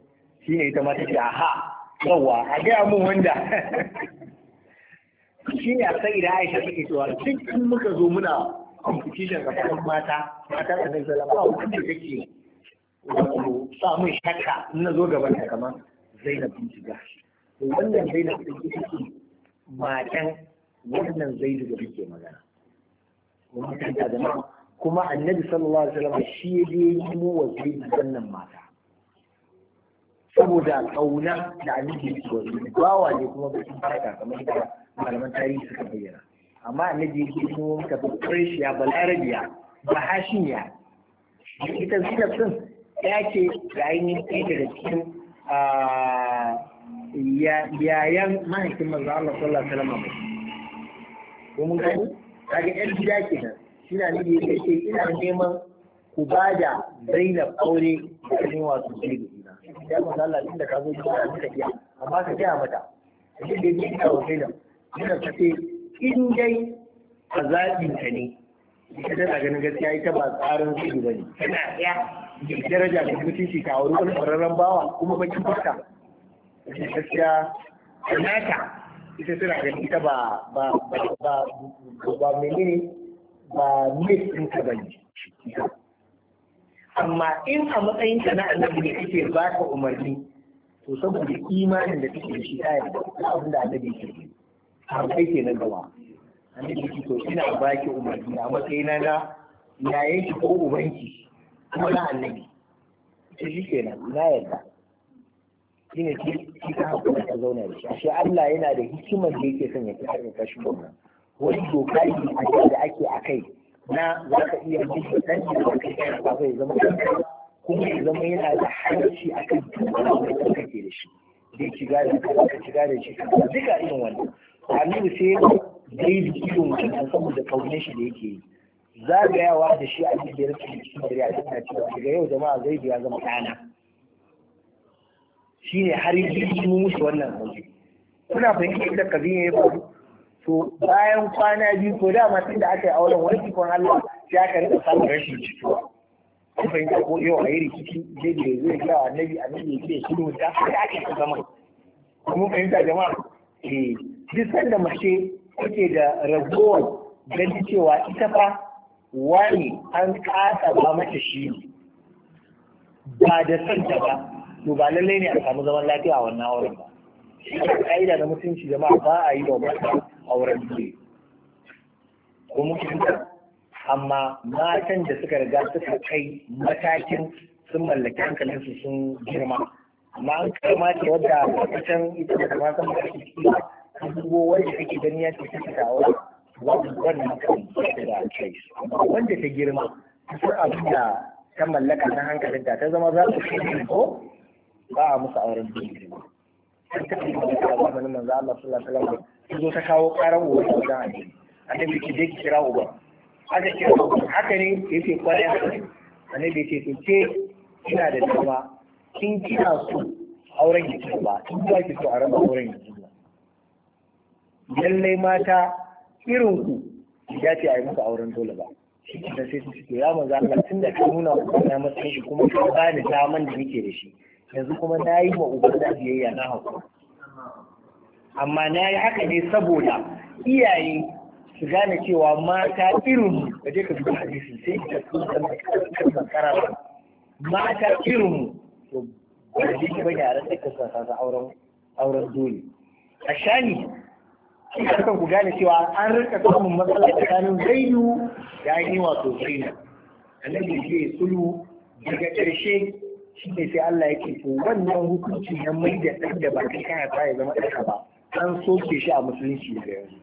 shi ne ita mata ce aha yawa a gaya mun wanda shi ne a sai da aisha take cewa cikin muka zo muna competition tsakanin mata mata da nan zala ba wanda kake wato sa mun shakka in na zo gaban ta kamar Zainab binti Jahsh wannan Zainab binti Jahsh matan wannan Zaidu da muke magana kuma kan ta zama kuma Annabi sallallahu alaihi wasallam shi ya yi mu wa Zaidu wannan mata saboda kauna da annabi ya yi bawa ne kuma ba shi kamar da malaman tarihi suka bayyana amma annabi yake so ka kurishiya balarabiya ba hashiya ita zinab sun ya ce ga ainihin ɗaya daga cikin yayan mahaifin manzo Allah sallallahu alaihi wasallam ko mun gani kaga yan gida nan. shi na ya yake ina neman ku ba da Zainab aure da ainihin wato Zainab ya manzo Allah tun da ka zo gida ka iya amma ka gaya mata shi da yake da Zainab Zainab ta ce in dai a zaɓin ka ne ita tana ganin gaskiya ita ba tsarin zubi ba ne tana ɗaya daraja da mutunci ka wani wani ƙwararren bawa kuma bakin fata gaskiya nata ita tana ganin ita ba ba ba ba ba menene ba mai ɗin ka ba ne amma in a matsayin ka na annabi ne kake ba ka umarni to saboda imanin da kake da shi ta yarda abin da annabi ke yi har ke nan gaba annabi ki to ina baki umarni a matsayina na na, yanki ko ubanki kuma na annabi ita shi ke nan na yarda shi ne ki ta da ta zauna da shi ashe Allah yana da hikimar da yake son ya ci har ka gwamna wani doka ne a da ake a kai na za ka iya mutu dan da kai kai ba zai zama kuma ya zama yana da a akan duk wani da kake da shi zai shiga da ka shiga da shi duka irin wannan Aminu sai ya dai kiwon wannan saboda kaunar shi da yake yi zagayawa da shi a cikin rikin cikin dare a cikin cewa daga yau jama'a zai ya zama ɗana Shi ne har yi mu mushi wannan zauji kuna fahimtar da kabin ya faru to bayan kwana biyu ko dama tun da aka yi auren wani cikon Allah ya aka rika samun rashin jituwa kun fahimta ko yau a yi rikici zai da zai gaya wa annabi annabi ya ce shi ne da aka yi zama kuma fahimta jama'a eh jisar da mace take da ragowar ganin cewa ita fa wani an kasa ba mata shi ba da santa ba to ba lallai ne a samu zaman lafiya a wannan auren ba shi ne ka'ida na mutunci jama'a ba a yi wa mata auren ne ko mutum amma matan da suka riga suka kai matakin sun mallaki su sun girma amma an kama ce wadda a ita da kamar san ba ka dubo wanda kake gani ya tafi take dawa wannan kan da kai wanda ta girma ta abin da ta mallaka na hankalin ta ta zama za su kai ko ba a musu auren bin girma ta ta yi da zamanin manzo Allah sallallahu alaihi wasallam ta zo ta kawo karan uwa ta wajen annabi annabi ki je ki kira uba aka kira haka ne yake kwaya annabi yake to ke ina da dama kin kina so auren ki ba kin ba ki so a raba auren ki ba lallai mata irin ku ya ce a yi muku auren dole ba da sai su ce ya maza Allah tun da ka nuna wa na matsayin shi kuma ka ba ni daman da nake da shi yanzu kuma na yi ma ubangiji biyayya na haƙu amma na yi haka ne saboda iyaye su gane cewa mata irin da je ka duba hadisi sai ka tsaya da kara ba mata irin to ba da shi ba yaran da ka sa auren auren dole a shani kuka ku gane cewa an rika samun matsala tsakanin zaidu da ainihin wato zainab annabi ce sulu daga ƙarshe shi ne sai Allah yake to wannan hukunci na mai da ɗan da ba kai kana ta ya zama ɗanka ba an soke shi a musulunci da yanzu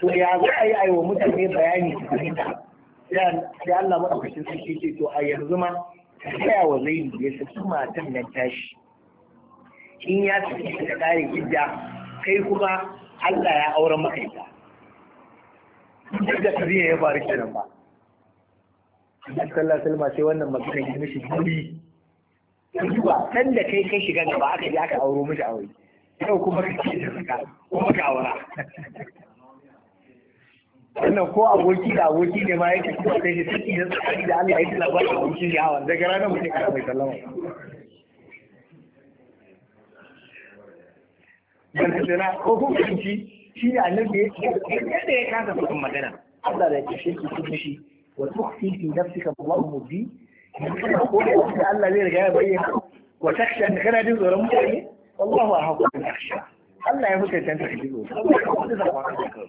to ya za a yi wa mutane bayani su fahimta sai Allah maɗaukacin sarki ce to a yanzu ma ka gaya wa zaidu ya saki matan nan tashi in ya saki ta ƙare gidda kai kuma Allah ya auren ma'aika. Yadda da kariya ya faru kenan ba Annabi sallallahu alaihi sai wannan magana ya mishi duri duba kan da kai kai shiga gaba aka je aka auro mishi aure yau kuma ce da suka, kuma ka aura wannan ko aboki da aboki ne ma yake kuma sai shi saki da tsakani da Allah ya yi labarin aboki ne hawan gara na mutum ka mai sallama dangantana ko hukunci, shi ne annabi yadda ya kasa faɗin magana Allah da ya kashe ki cikin shi wa tukhfi fi nafsika Allahu mubin kana ko da Allah zai riga ya bayyana wa takhsha kana jin tsoron mutane Allahu ahqqu an takhsha Allah ya hukunta ta ji tsoro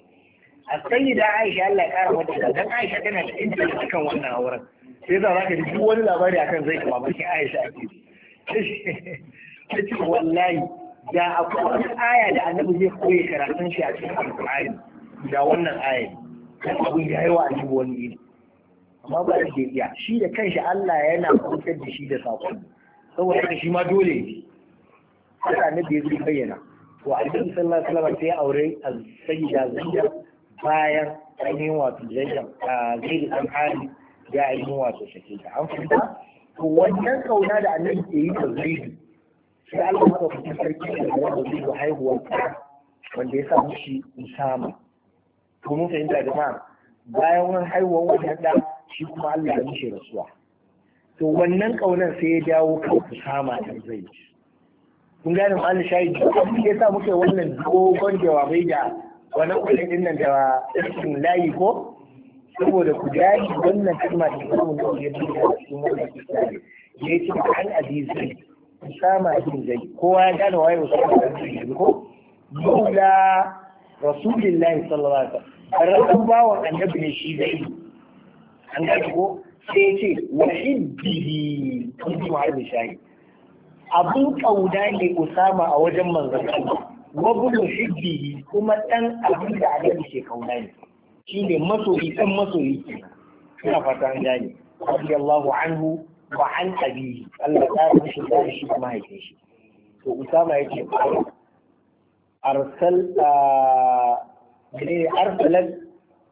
السيدة عائشة Allah ya kara mata dan Aisha tana da inda kan wannan auren sai za ka ji duk wani labari akan zai kuma bakin Aisha ake ce wallahi da akwai wata aya da annabi zai koya karatun shi a cikin alƙur'ani da wannan aya kan abin ya yi wa annabi wani iri amma ba da iya shi da kanshi Allah yana kusantar da shi da saƙon saboda haka shi ma dole ne sai annabi ya zai bayyana to annabi sallallahu alaihi wasallam sai aure sayyida zainab bayan ainihin wato zainab zaidu dan hali ya ainihin wato shakita an fahimta to wannan kauna da annabi ke yi da zaidu sai Allah madaukakin sarki ne wanda zai ga haihuwar wanda ya sa mushi Usama to mun fahimta jama'a bayan wani haihuwar wannan da shi kuma Allah ya mishi rasuwa to wannan kaunar sai ya dawo kan Usama da zai kun gane mu Allah shayi abin da ya sa muke wannan dogon jawabai da wannan kullin din nan da cikin layi ko saboda ku daji wannan kalma da kuma mun yi da cikin wannan ya ce an azizai Usama ibn zai kowa ya gane waye Usama ibn Zaid ko Mula Rasulullahi sallallahu alaihi wasallam ran bawon annabi ne shi yi. an ga ko sai ya ce wa hibbihi kun ji waye shayi abun kauda ne Usama a wajen manzon Allah wa budu hibbihi kuma ɗan abin da annabi ke kauda ne shine masoyi dan masoyi kenan suna fata an gane radiyallahu anhu wa an abi Allah ta yi shi da shi kuma haife shi to usama ya ce arsal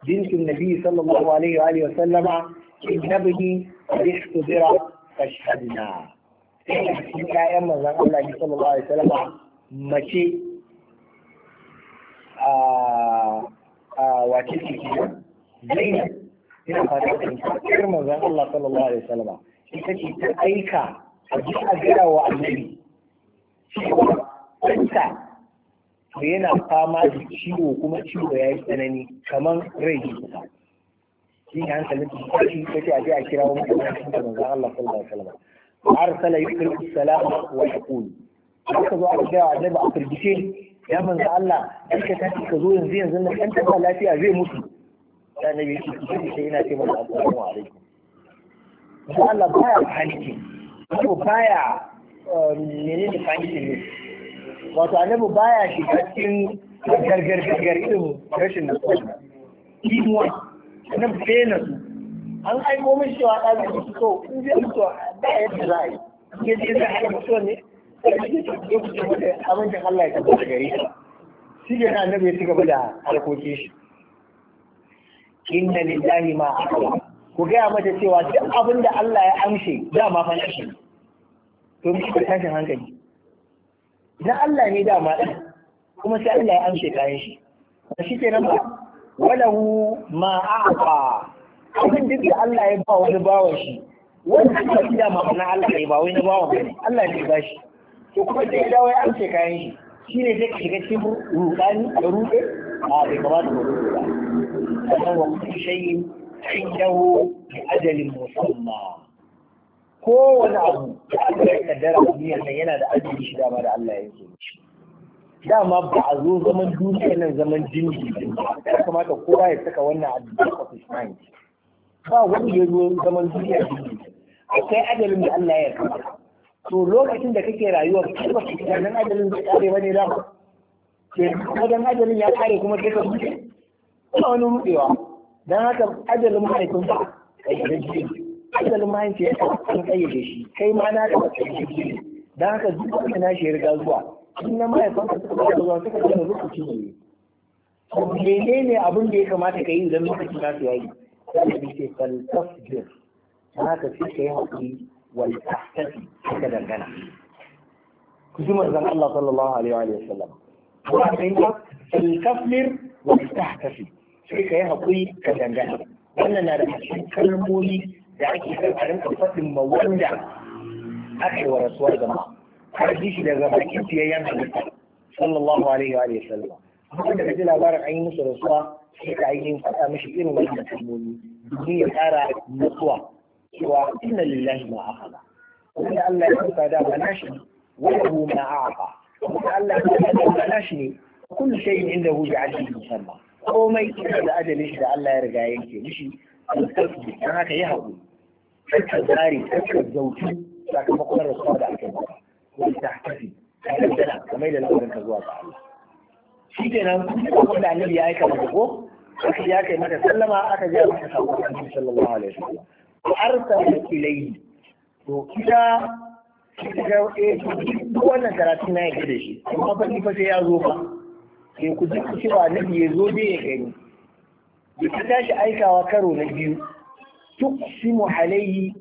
ne nabi sallallahu alaihi wa alihi wa sallama sai Allah sallallahu alaihi wa sallama mace a wace ina fata Allah sallallahu alaihi wa sallama ita ce ta aika a ji a gaya wa annabi cewa ɗanta to yana fama da ciwo kuma ciwo ya yi tsanani kamar rai da kusa shi ne hankalin ta shi ta ce a je a kira wani ɗan da manzan Allah sallallahu alaihi wasallam arsala yusuf salama wa yaqulu aka zo aka gaya wa annabi a firgice ya manzan Allah ka tashi ka zo yanzu yanzu na ɗan ta lafiya zai mutu annabi ya ce ki ce ina ce masa assalamu alaikum da Allah baya panikin wato baya um, menene panikin ne wato annabi baya shiga cikin gargar gargar irin rashin nasuwa kimuwa annabi sai su, an aiko min cewa da zai mutu so in zai mutu ba yadda za a yi ke je zai hana mutuwa ne amincin Allah ya tabbata gare shi shi ke na annabi ya ci gaba da harkokin shi inna lillahi ma akbar ku gaya mata cewa duk abin da Allah ya amshe dama fa nashi to mu ku tashin hankali na Allah ne dama din kuma sai Allah ya amshe kayan shi ba shi nan ba walahu ma a'ta abin duk da Allah ya ba wani bawan shi wanda aka yi dama na Allah ne ba wani na bawan bane Allah ne ba shi to kuma sai ya dawo ya amshe kayan shi shi shine sai ka shiga cikin rudani da rude a bai kamata mu rude ba sannan wa kullu shay'in عنده لأجل مسمى kowane abu da aka yi kaddara duniyar yana da ajiyar shi dama da Allah ya so زمن dama ba a zo zaman duniyar nan zaman ya saka wannan a duniya ba wani ya zo zaman duniya jinji akwai ajalin da Allah ya kama to lokacin da kake rayuwa, kuma ba nan ajalin zai kare bane da ke wajen ajalin ya kare kuma kai ka buɗe ba wani rudewa dan haka ajalin mahaifin ba kayyade ajalin mahaifin an kayyade shi kai ma na da kayyade dan haka duk wanda na shi riga zuwa in na mahaifin ka suka riga zuwa suka gina lokaci ne mene ne abin da ya kamata ka yi idan lokaci na su yayi sai da ce falsafir dan haka sai ka yi haƙuri wal tahtasi ka dangana kusimar zan Allah sallallahu alaihi wa sallam wa in ka falsafir wal tahtasi sai ka yi haƙuri ka dangana wannan na da cikin kalmomi da ake kan a rinka faɗin ma wanda aka yi wa rasuwar gama har ji shi daga bakin siyayyen halitta sallallahu alaihi wa sallam Amma daga ji labarin an yi musu rasuwa sai ka yi faɗa mishi irin wannan kalmomi domin ya ƙara mutuwa. cewa inna lillahi ma akhadha wanda Allah ya saka da mana shi wanda lahu ma aqa wanda Allah ya saka da mana shi ne kullu shay'in indahu bi'adli musamma komai ina da ajalin da Allah ya riga yanke mishi alƙarfi don haka ya haɗu kakka zari ka zautu sakamakon rasuwa da aka yi wani ta hafi kakka dana kamar da lamarin ka zuwa ga Allah shi kenan wanda annabi ya aika mata ko aka ya kai mata sallama aka ji mata sakon annabi sallallahu alaihi wasallam ko arsala ilayhi to ita ita ga eh duk wannan karatu na yake da shi amma fa ni fa sai ya zo ba. sai eh, ku duk cewa na ya zo dai ya gani da ta tashi aikawa karo na biyu Tuk tuqsimu alayhi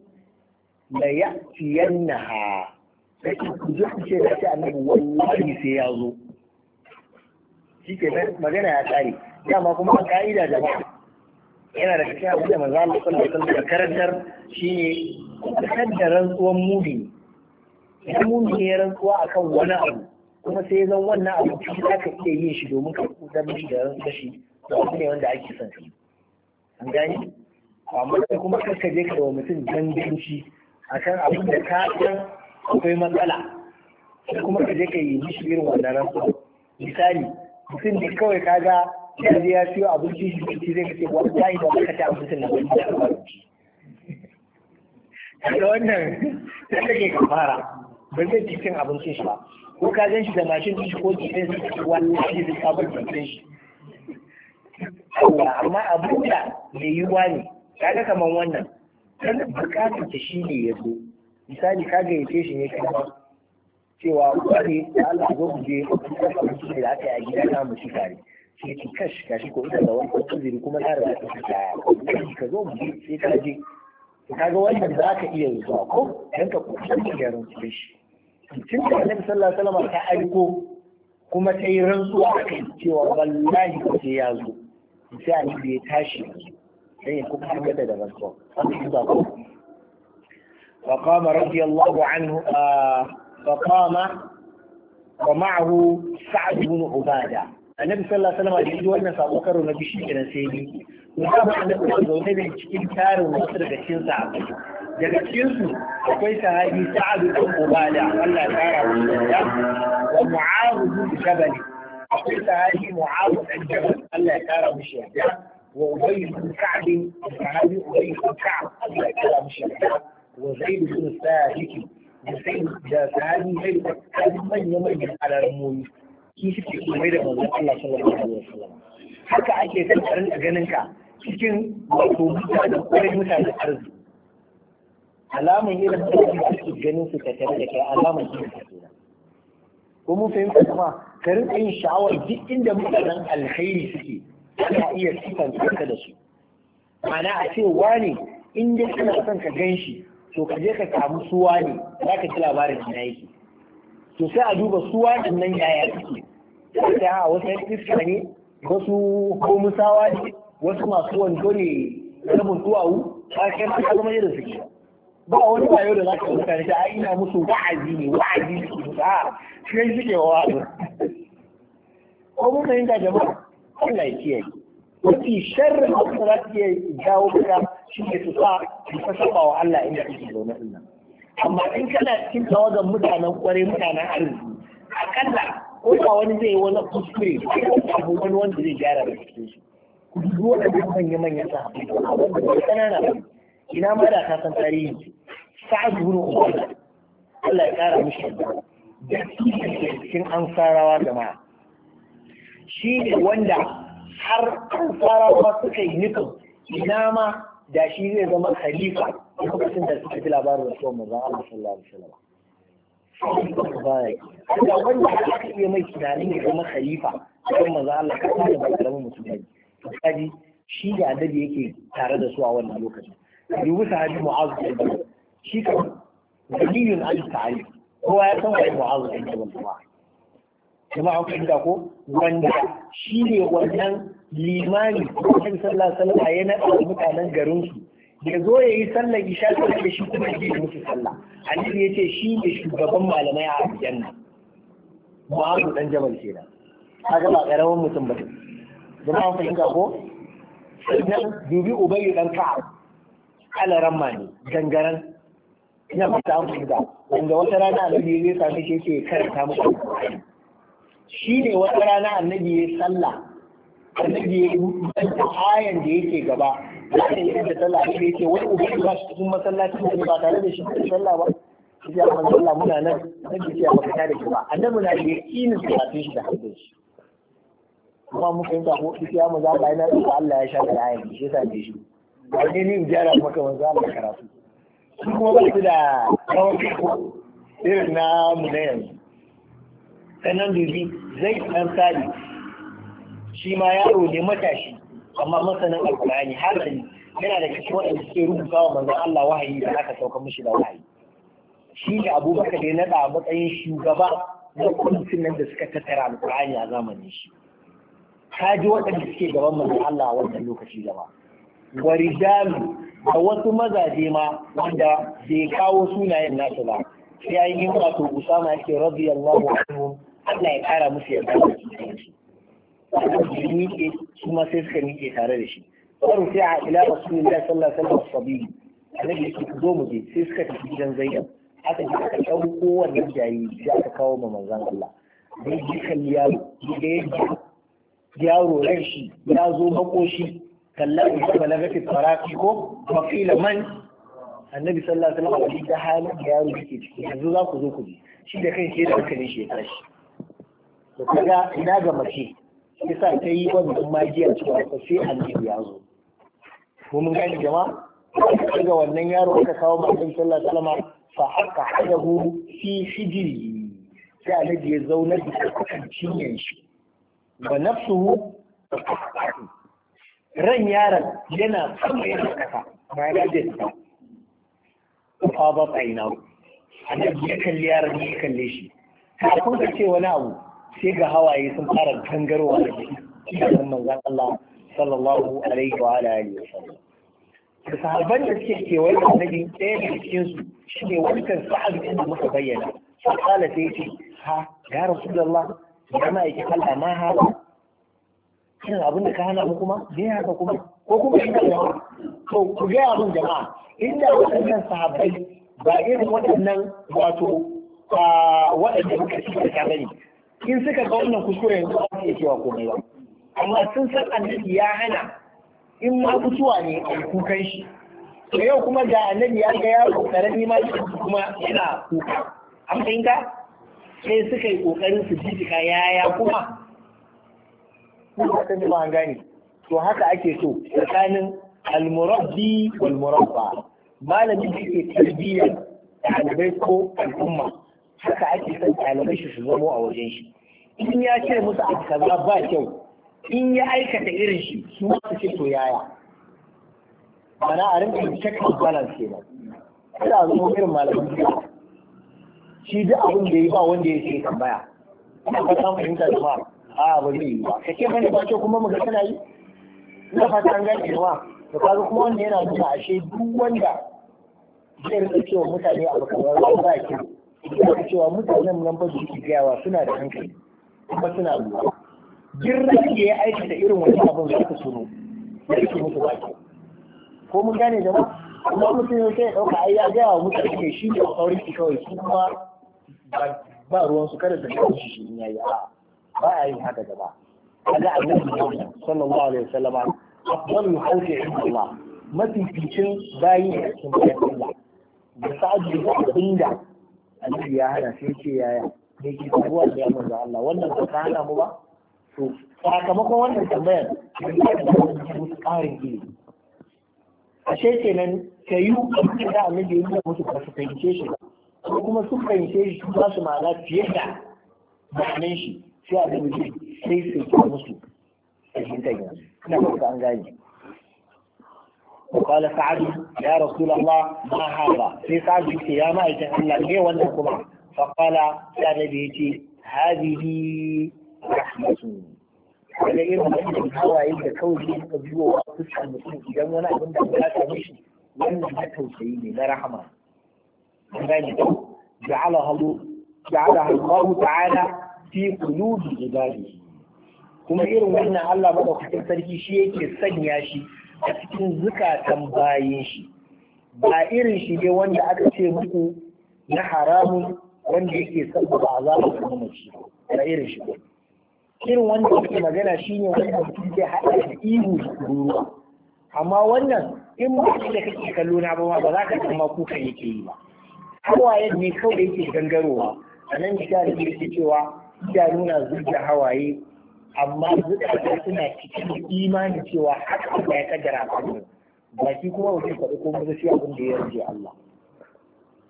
la yannaha. sai ku duk ce da ta annabi wallahi sai ya zo shike magana ya kare dama kuma a ka'ida da ba yana da cikin abin da manzo Allah sallallahu alaihi wasallam karantar shine kaddaran tsuwan mumi idan ne ya rantsuwa akan wani abu kuma sai zan wannan abu da aka iya yin shi domin ka kudar mishi da ranka shi da abu ne wanda ake son shi an gani amma sai kuma ka je ka wa mutum ganganci akan abin da ka san akwai matsala sai kuma ka je ka yi mishi irin wannan rantsuwa misali mutum da kawai ka ga ya je ya siyo abinci shi zai kace wani tayi da ka ci abincin da wani da wannan sai kake ka fara ba zai ci cin abincin shi ba ko ka gan shi da mashin din shi ko jikin shi da sabon jikin shi amma abu da mai yiwuwa ne kaga kamar wannan kan bukatar ta shi ne ya zo misali ka gayyace shi ne kuma cewa wani Allah zo mu je abinci da aka yi a gida na mu ci sai ki kashi kashi ko ita da wani kuzuri kuma na riga ta kai ka zo mu je sai ka je kaga wannan za ka iya zuwa ko dan ka kusa da yaron shi tun da annabi sallallahu alaihi wasallam ta aiko kuma ta yi rantsuwa a cewa wallahi ko sai ya zo sai annabi ya tashi sai ya kuma haɗa da rantsuwa فقام رضي الله عنه آه فقام ومعه سعد daga akwai sahabi sa'adu ɗan ubada Allah ya kara wa da wa mu'awidu bi jabali akwai sahabi mu'awidu ɗan jabal Allah ya kara mu shi wa ubayy bin ka'b sahabi ubayy bin ka'b Allah ya kara mu shi da wa zaid bin da sai da sahabi zaid bin manyan manyan shi suke kuma da manzon Allah sallallahu alaihi wasallam haka ake son ganin ka cikin wato mutanen kwarai mutanen arziki alamun irin da kake ganin su ka tare da kai alamun yi da kenan Kuma mun fahimta kuma ka yin sha'awar duk inda dan alkhairi suke ana iya sifan ka da su ma'ana a ce wani in dai kana son ka gan shi to ka je ka samu suwa ne za ka ji labarin ina yake to sai a duba suwa din nan yaya suke sai ha wasu yan iska ne wasu komusawa ne wasu masu wando ne mutuwa duwawu ba kai ma ka zama suke ba wani bayo da za ka mutane ta ai ina musu wa'azi ne wa'azi ne ke musu a shi suke wa wa'azi ko mun fahimta jama'a Allah ya kiyaye mafi sharrin da suka za su iya jawo kira shi ne su sa su ta saba wa Allah inda kake zaune din nan amma in kana cikin tawagan mutanen kware mutanen arziki akalla ko ba wani zai yi wani kuskure ko abu wani wanda zai gyara da cikin su ku duk wanda manya-manyan sahabbai wanda ba kanana ba ina ma da kasan san tarihin sa'ad bin ubayda Allah ya kara mishi da cikin ansarawa jama'a shi ne wanda har ansarawa suka yi nufin ina ma da shi zai zama khalifa lokacin da suka ji labarin rasuwar manzon Allah sallallahu alaihi wasallam da wanda aka iya mai tunanin ya zama khalifa don manzo Allah ka tsaya da karamin mutum ne to kaji shi da adabi yake tare da su a wannan lokacin dubi sahabi mu'azu bin jabal shi kan dalilin an ta'ali kowa ya san wai mu'azu bin jabal kuma jama'a kun da ko wanda shi ne wannan limani ko kan sallah sallah naɗa wa mutanen garin su ya zo ya yi sallar isha sai da shi kuma ya yi musu sallah annabi ya ce shi ne shugaban malamai a aljanna mu'azu dan jabal kenan kaga ba karamin mutum ba jama'a kun da ko sannan dubi ubayyu dan ka'ab ramma ne gangaren ina fata amfani da wanda wata rana annabi ya sa shi ke karanta musu shi ne wata rana annabi ya sallah annabi ya rubuta ayan da yake gaba da ya da sallah annabi yake wani ubangi ba shi cikin masallacin ne ba tare da shi cikin sallah ba shi ya amma Allah muna nan annabi ya ba fita da shi ba annabi na da yakinin karatun shi da hadin shi kuma mun fahimta ko shi ya za Allah yana da Allah ya sha da ayan shi yasa ne shi ba ne ni gyara maka manzo da karatu su kuma ba su da rawan irin na mu na yanzu sannan dubi zai dan sali shi ma yaro ne matashi amma masanin alkur'ani har da yana da cikin wanda suke rubuta wa manzon Allah wahayi da aka sauka mishi da wahayi shi ne abubakar da naɗa a matsayin shugaba na kwamitin nan da suka tattara alkur'ani a zamanin shi ka ji waɗanda suke gaban manzon Allah a wannan lokaci gaba wa rijalu da wasu mazaje ma wanda bai kawo sunayen nasu ba sai ayi yin wato usama yake radiyallahu anhu Allah ya kara musu yarda da shi miƙe su ma sai suka miƙe tare da shi kawai sai a ila rasulullahi sallallahu alaihi wasallam sabi annabi yake ku zo mu je sai suka tafi gidan zaidan Haka ji aka ɗauko wannan jariri sai aka kawo ma manzon Allah dai jikan yaro da yadda yaro ran shi ya zo makoshi kallan da balagati taraqi ko wa man annabi sallallahu alaihi wasallam hadisi halin da yaro yake ciki yanzu za ku zo ku ji shi da kai shi da hankalin shi ya tashi to kaga ina ga mace yasa ta yi wannan magiya cewa ko sai annabi ya zo ko mun gani jama'a daga wannan yaro aka kawo matan sallallahu alaihi wasallam fa haka hadahu fi hijri sai annabi ya zauna da cikin shi wa nafsuhu ran yaron yana sama yana kasa ba ya gaje ta fa ba tsaina annabi ya kalli yaron ya kalle shi kafin ka ce wani abu sai ga hawaye sun fara gangarowa da jikin manzon Allah sallallahu alaihi wa alihi wa sallam da sahabban da suke kewaye da annabi ɗaya da cikin su shine wancan sahabi da muka bayyana sai kala sai ce ha ya rasulullah ya ma yake kalla ma ha irin abin da ka hana mu kuma me haka kuma ko kuma kan yawa to ku ga abin jama'a inda waɗannan sahabbai ba irin waɗannan wato waɗanda ka ci da bane in suka ga wannan kuskure yanzu ba su cewa komai ba amma sun san annabi ya hana in ma mutuwa ne a kukan shi to yau kuma ga annabi ya ga yaro karami ma kuma yana kuka an fahimta sai suka yi kokarin su jijjiga yaya kuma kuma ka ji ba gani to haka ake so tsakanin almurabbi wal murabba malamin da ke tarbiyyar ɗalibai ko al'umma haka ake son ɗalibai shi su zamo a wajen shi in ya ce musu abu kaza ba kyau in ya aikata irin shi su ma su ce to yaya mana a rinka check and balance kenan kada a zama irin malamin da shi duk abin da ya ba wanda ya ce tambaya ina ka samu fahimta da fara A'a ba zai yi ba ka ce bane ba ce kuma mu ga tana yi ina fata an gane wa to kaga kuma wanda yana nuna ashe duk wanda zai rika cewa mutane a kamar ba ba ki ina cewa mutanen nan ba su ki gayawa suna da hankali kuma suna lura girra ke ya aikata irin wani abin za ka suno da yake musu ba ki ko mun gane da jama'a amma mutum ya sai ɗauka ai ya gaya wa mutane ne shi ne a saurin shi kawai su kuma ba ruwansu kada da kawo shi shi in yayi a'a ba a yin haka gaba kaga annabi sallallahu alaihi wasallam afdalu khalqi Allah mafi cikin bayi a cikin bayan Allah da sa'adu da inda annabi ya hana sai ce yaya ne ke faruwa da ya manzo Allah wannan ba ka hana mu ba to sakamakon wannan tambayar musu ƙarin ilimi ashe kenan ka yi da annabi ya musu ba su fahimce shi ba kuma su fahimce shi su ba su ma'ana fiye da ma'anan shi جاء في المسجد مسلم ايش انتهينا نحن عن ذلك وقال سعد يا رسول الله ما هذا في سعد يا ما يتعلم لي فقال يا نبيتي هذه رحمة ولا يرى من هوا إلا كوجي أبيو المسلم إذا ما نعلم سيدي لا رحمة جعلها الله جعلها الله تعالى fi qulubi ibadi kuma irin wannan Allah madaukakin sarki shi yake sanya shi a cikin zukatan bayin shi ba irin shi ne wanda aka ce muku na haramun wanda yake sabbaba azabar kuma shi ba irin shi ba irin wanda yake magana shi ne wanda mutum zai haɗa da ihu da ruwa amma wannan in ba shi da kake kallo na ba ma ba za ka san ma yake yi ba hawayen ne kawai yake gangarowa a nan da yake cewa nuna zuciya hawaye amma zuciya suna cikin imani cewa haka Allah ya kaddara mu ba shi kuma wajen faɗi ko mazashi abin da ya rage Allah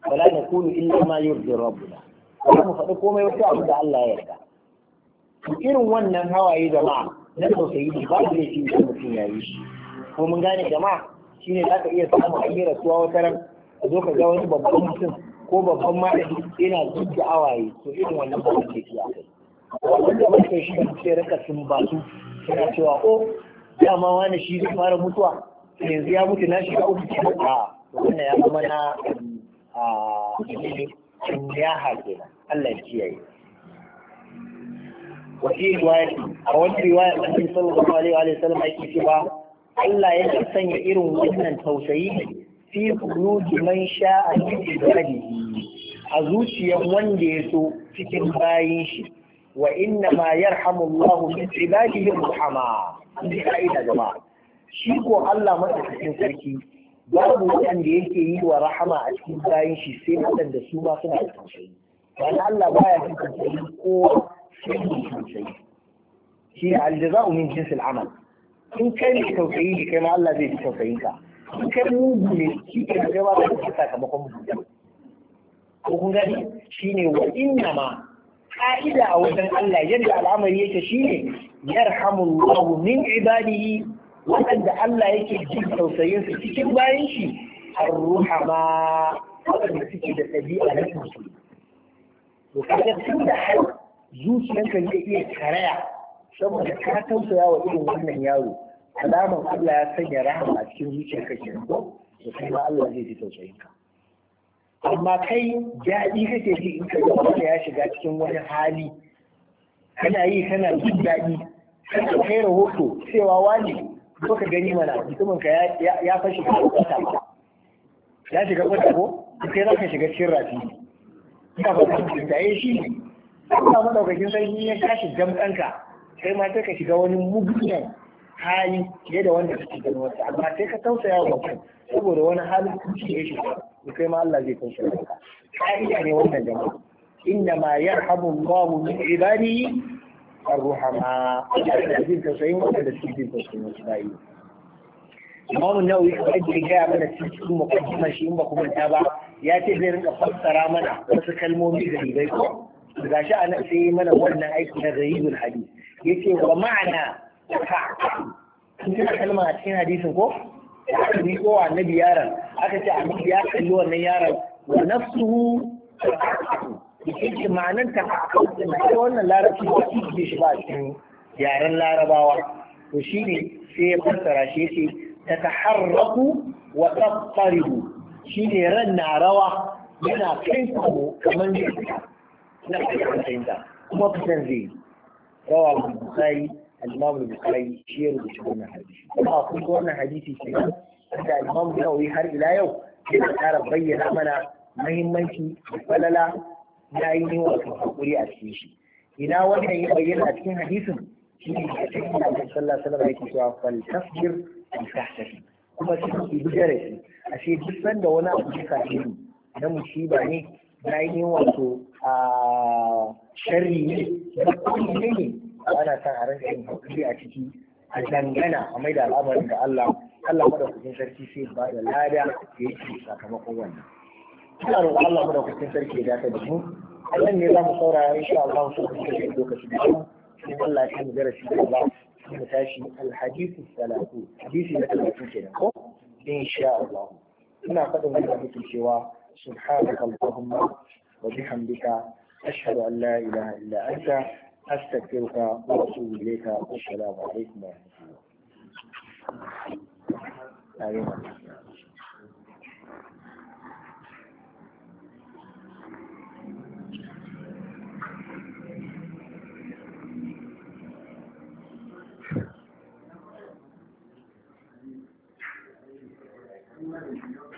wala na kunu illa ma yurdi rabbuna ba mu faɗi komai wata abin da Allah ya yarda irin wannan hawaye jama'a na tausayi ne ba da shi da mutum ya yi shi ko mun gane jama'a shine za ka iya samun ayyar rasuwa wata ran ka zo ka ga wani babban mutum ko babban malami yana zuke awaye to irin wannan ba ke fiya wannan da mutum shi kan sai raka sun batu suna cewa o oh, dama wani shi zai fara mutuwa yanzu ya mutu na shiga uku ke a wannan ya zama na a ya haƙe Allah ya kiyaye وفي رواية أو في da النبي صلى الله عليه وسلم ba. Allah ya sanya irin wannan tausayi fi khuruji man sha'a min ibadihi a zuciyar wanda ya so cikin bayin shi wa inna ma yarhamullahu min ibadihi rahama ji ka'ida jama'a shi ko Allah madaukakin sarki babu wanda yake yi wa rahama a cikin bayan shi sai waɗanda su ma suna da tausayi wani Allah baya jin tausayi ko sai tausayi shi ne aljaza'u min jinsil amal in kai ne tausayi kai ma Allah zai ji ka. in kai mugu ne shi ke da gaba da sakamakon mugu ko kun gani ne wa inna ma ka'ida a wajen Allah yadda al'amari yake shine yarhamullahu min ibadihi waɗanda Allah yake jin tausayin su cikin bayan shi arruhama waɗanda suke da ɗabi'a na musulmi to kaga tun da har zuciyanka zai iya karaya saboda ka tausaya wa irin wannan yaro alamar Allah ya sanya rahama a cikin zuciyar ka ke ko to kai ma Allah zai ji tausayin ka amma kai daɗi kake ji in ka ga ya shiga cikin wani hali kana yi kana jin daɗi kana kai rahoto cewa wani ko ka gani mana mutumin ka ya fashi ka kwata ya shiga kwata ko kai za ka shiga cikin rafi ina ba ka da ya shi ne Allah madaukakin sarki ya kashi jam'anka sai ma sai ka shiga wani mugunan hali fiye da wanda kake ganin wata amma sai ka tausaya wa mutum saboda wani halin kuci ya shiga to kai ma Allah zai tausaya maka ka'ida ne wannan jama'a inna ma yarhamu Allahu min ibadihi arruhama da jin tausayin wanda da suke jin tausayin wasu bayi Imam Nawawi kamar da ya gaya mana cikin mukaddimar shi in ba kuma ta ba ya ce zai rinka fassara mana wasu kalmomi da ribai ko gashi a nan sai mana wannan aiki na ghaibul hadith yace wa ma'ana kun tuna kalma a cikin hadisin ko da aka bi kowa annabi yaron aka ce annabi ya kalli wannan yaron wa nafsuhu yake ce ma'anan ta da wannan larabci ba su ke shi ba cikin yaren larabawa to shi ne sai ya fassara shi ce ta ta harraku wa tsarihu shi ne ran na rawa yana kai kuma kamar da na fahimta kuma fitan zai rawa bukari al-Imam al-Bukhari shi ya rubuta wannan hadisi kuma kun ga wannan hadisi shi da al-Imam Nawawi har ila yau yana ƙara bayyana mana muhimmanci da falala na yi wato hakuri a cikin shi ina wannan ya bayyana a cikin hadisin shi ne a cikin Annabi sallallahu alaihi wasallam yake cewa fal tasbir bi tahtafi kuma shi ke a ashe duk sanda wani abu ya kashe ni na musiba ne na yi wato a ah, sharri ne da kuma ne ana son a rinka yin hakuri a ciki a dangana a maida al'amarin da Allah Allah madaukakin sarki sai ba da lada da yake sakamakon wannan ina roƙon Allah madaukakin sarki ya dace da mu a nan ne za mu saurara insha Allah su kuma da lokaci da mu in Allah ya mu darasi da Allah mu tashi alhadisu salatu hadisi na talatin kenan ko insha Allah ina faɗin wannan mutum cewa subhanaka allahumma wa bihamdika ashhadu an la ilaha illa anta أستغفرك وأتوب إليك والسلام عليكم ورحمة الله آمين Thank you.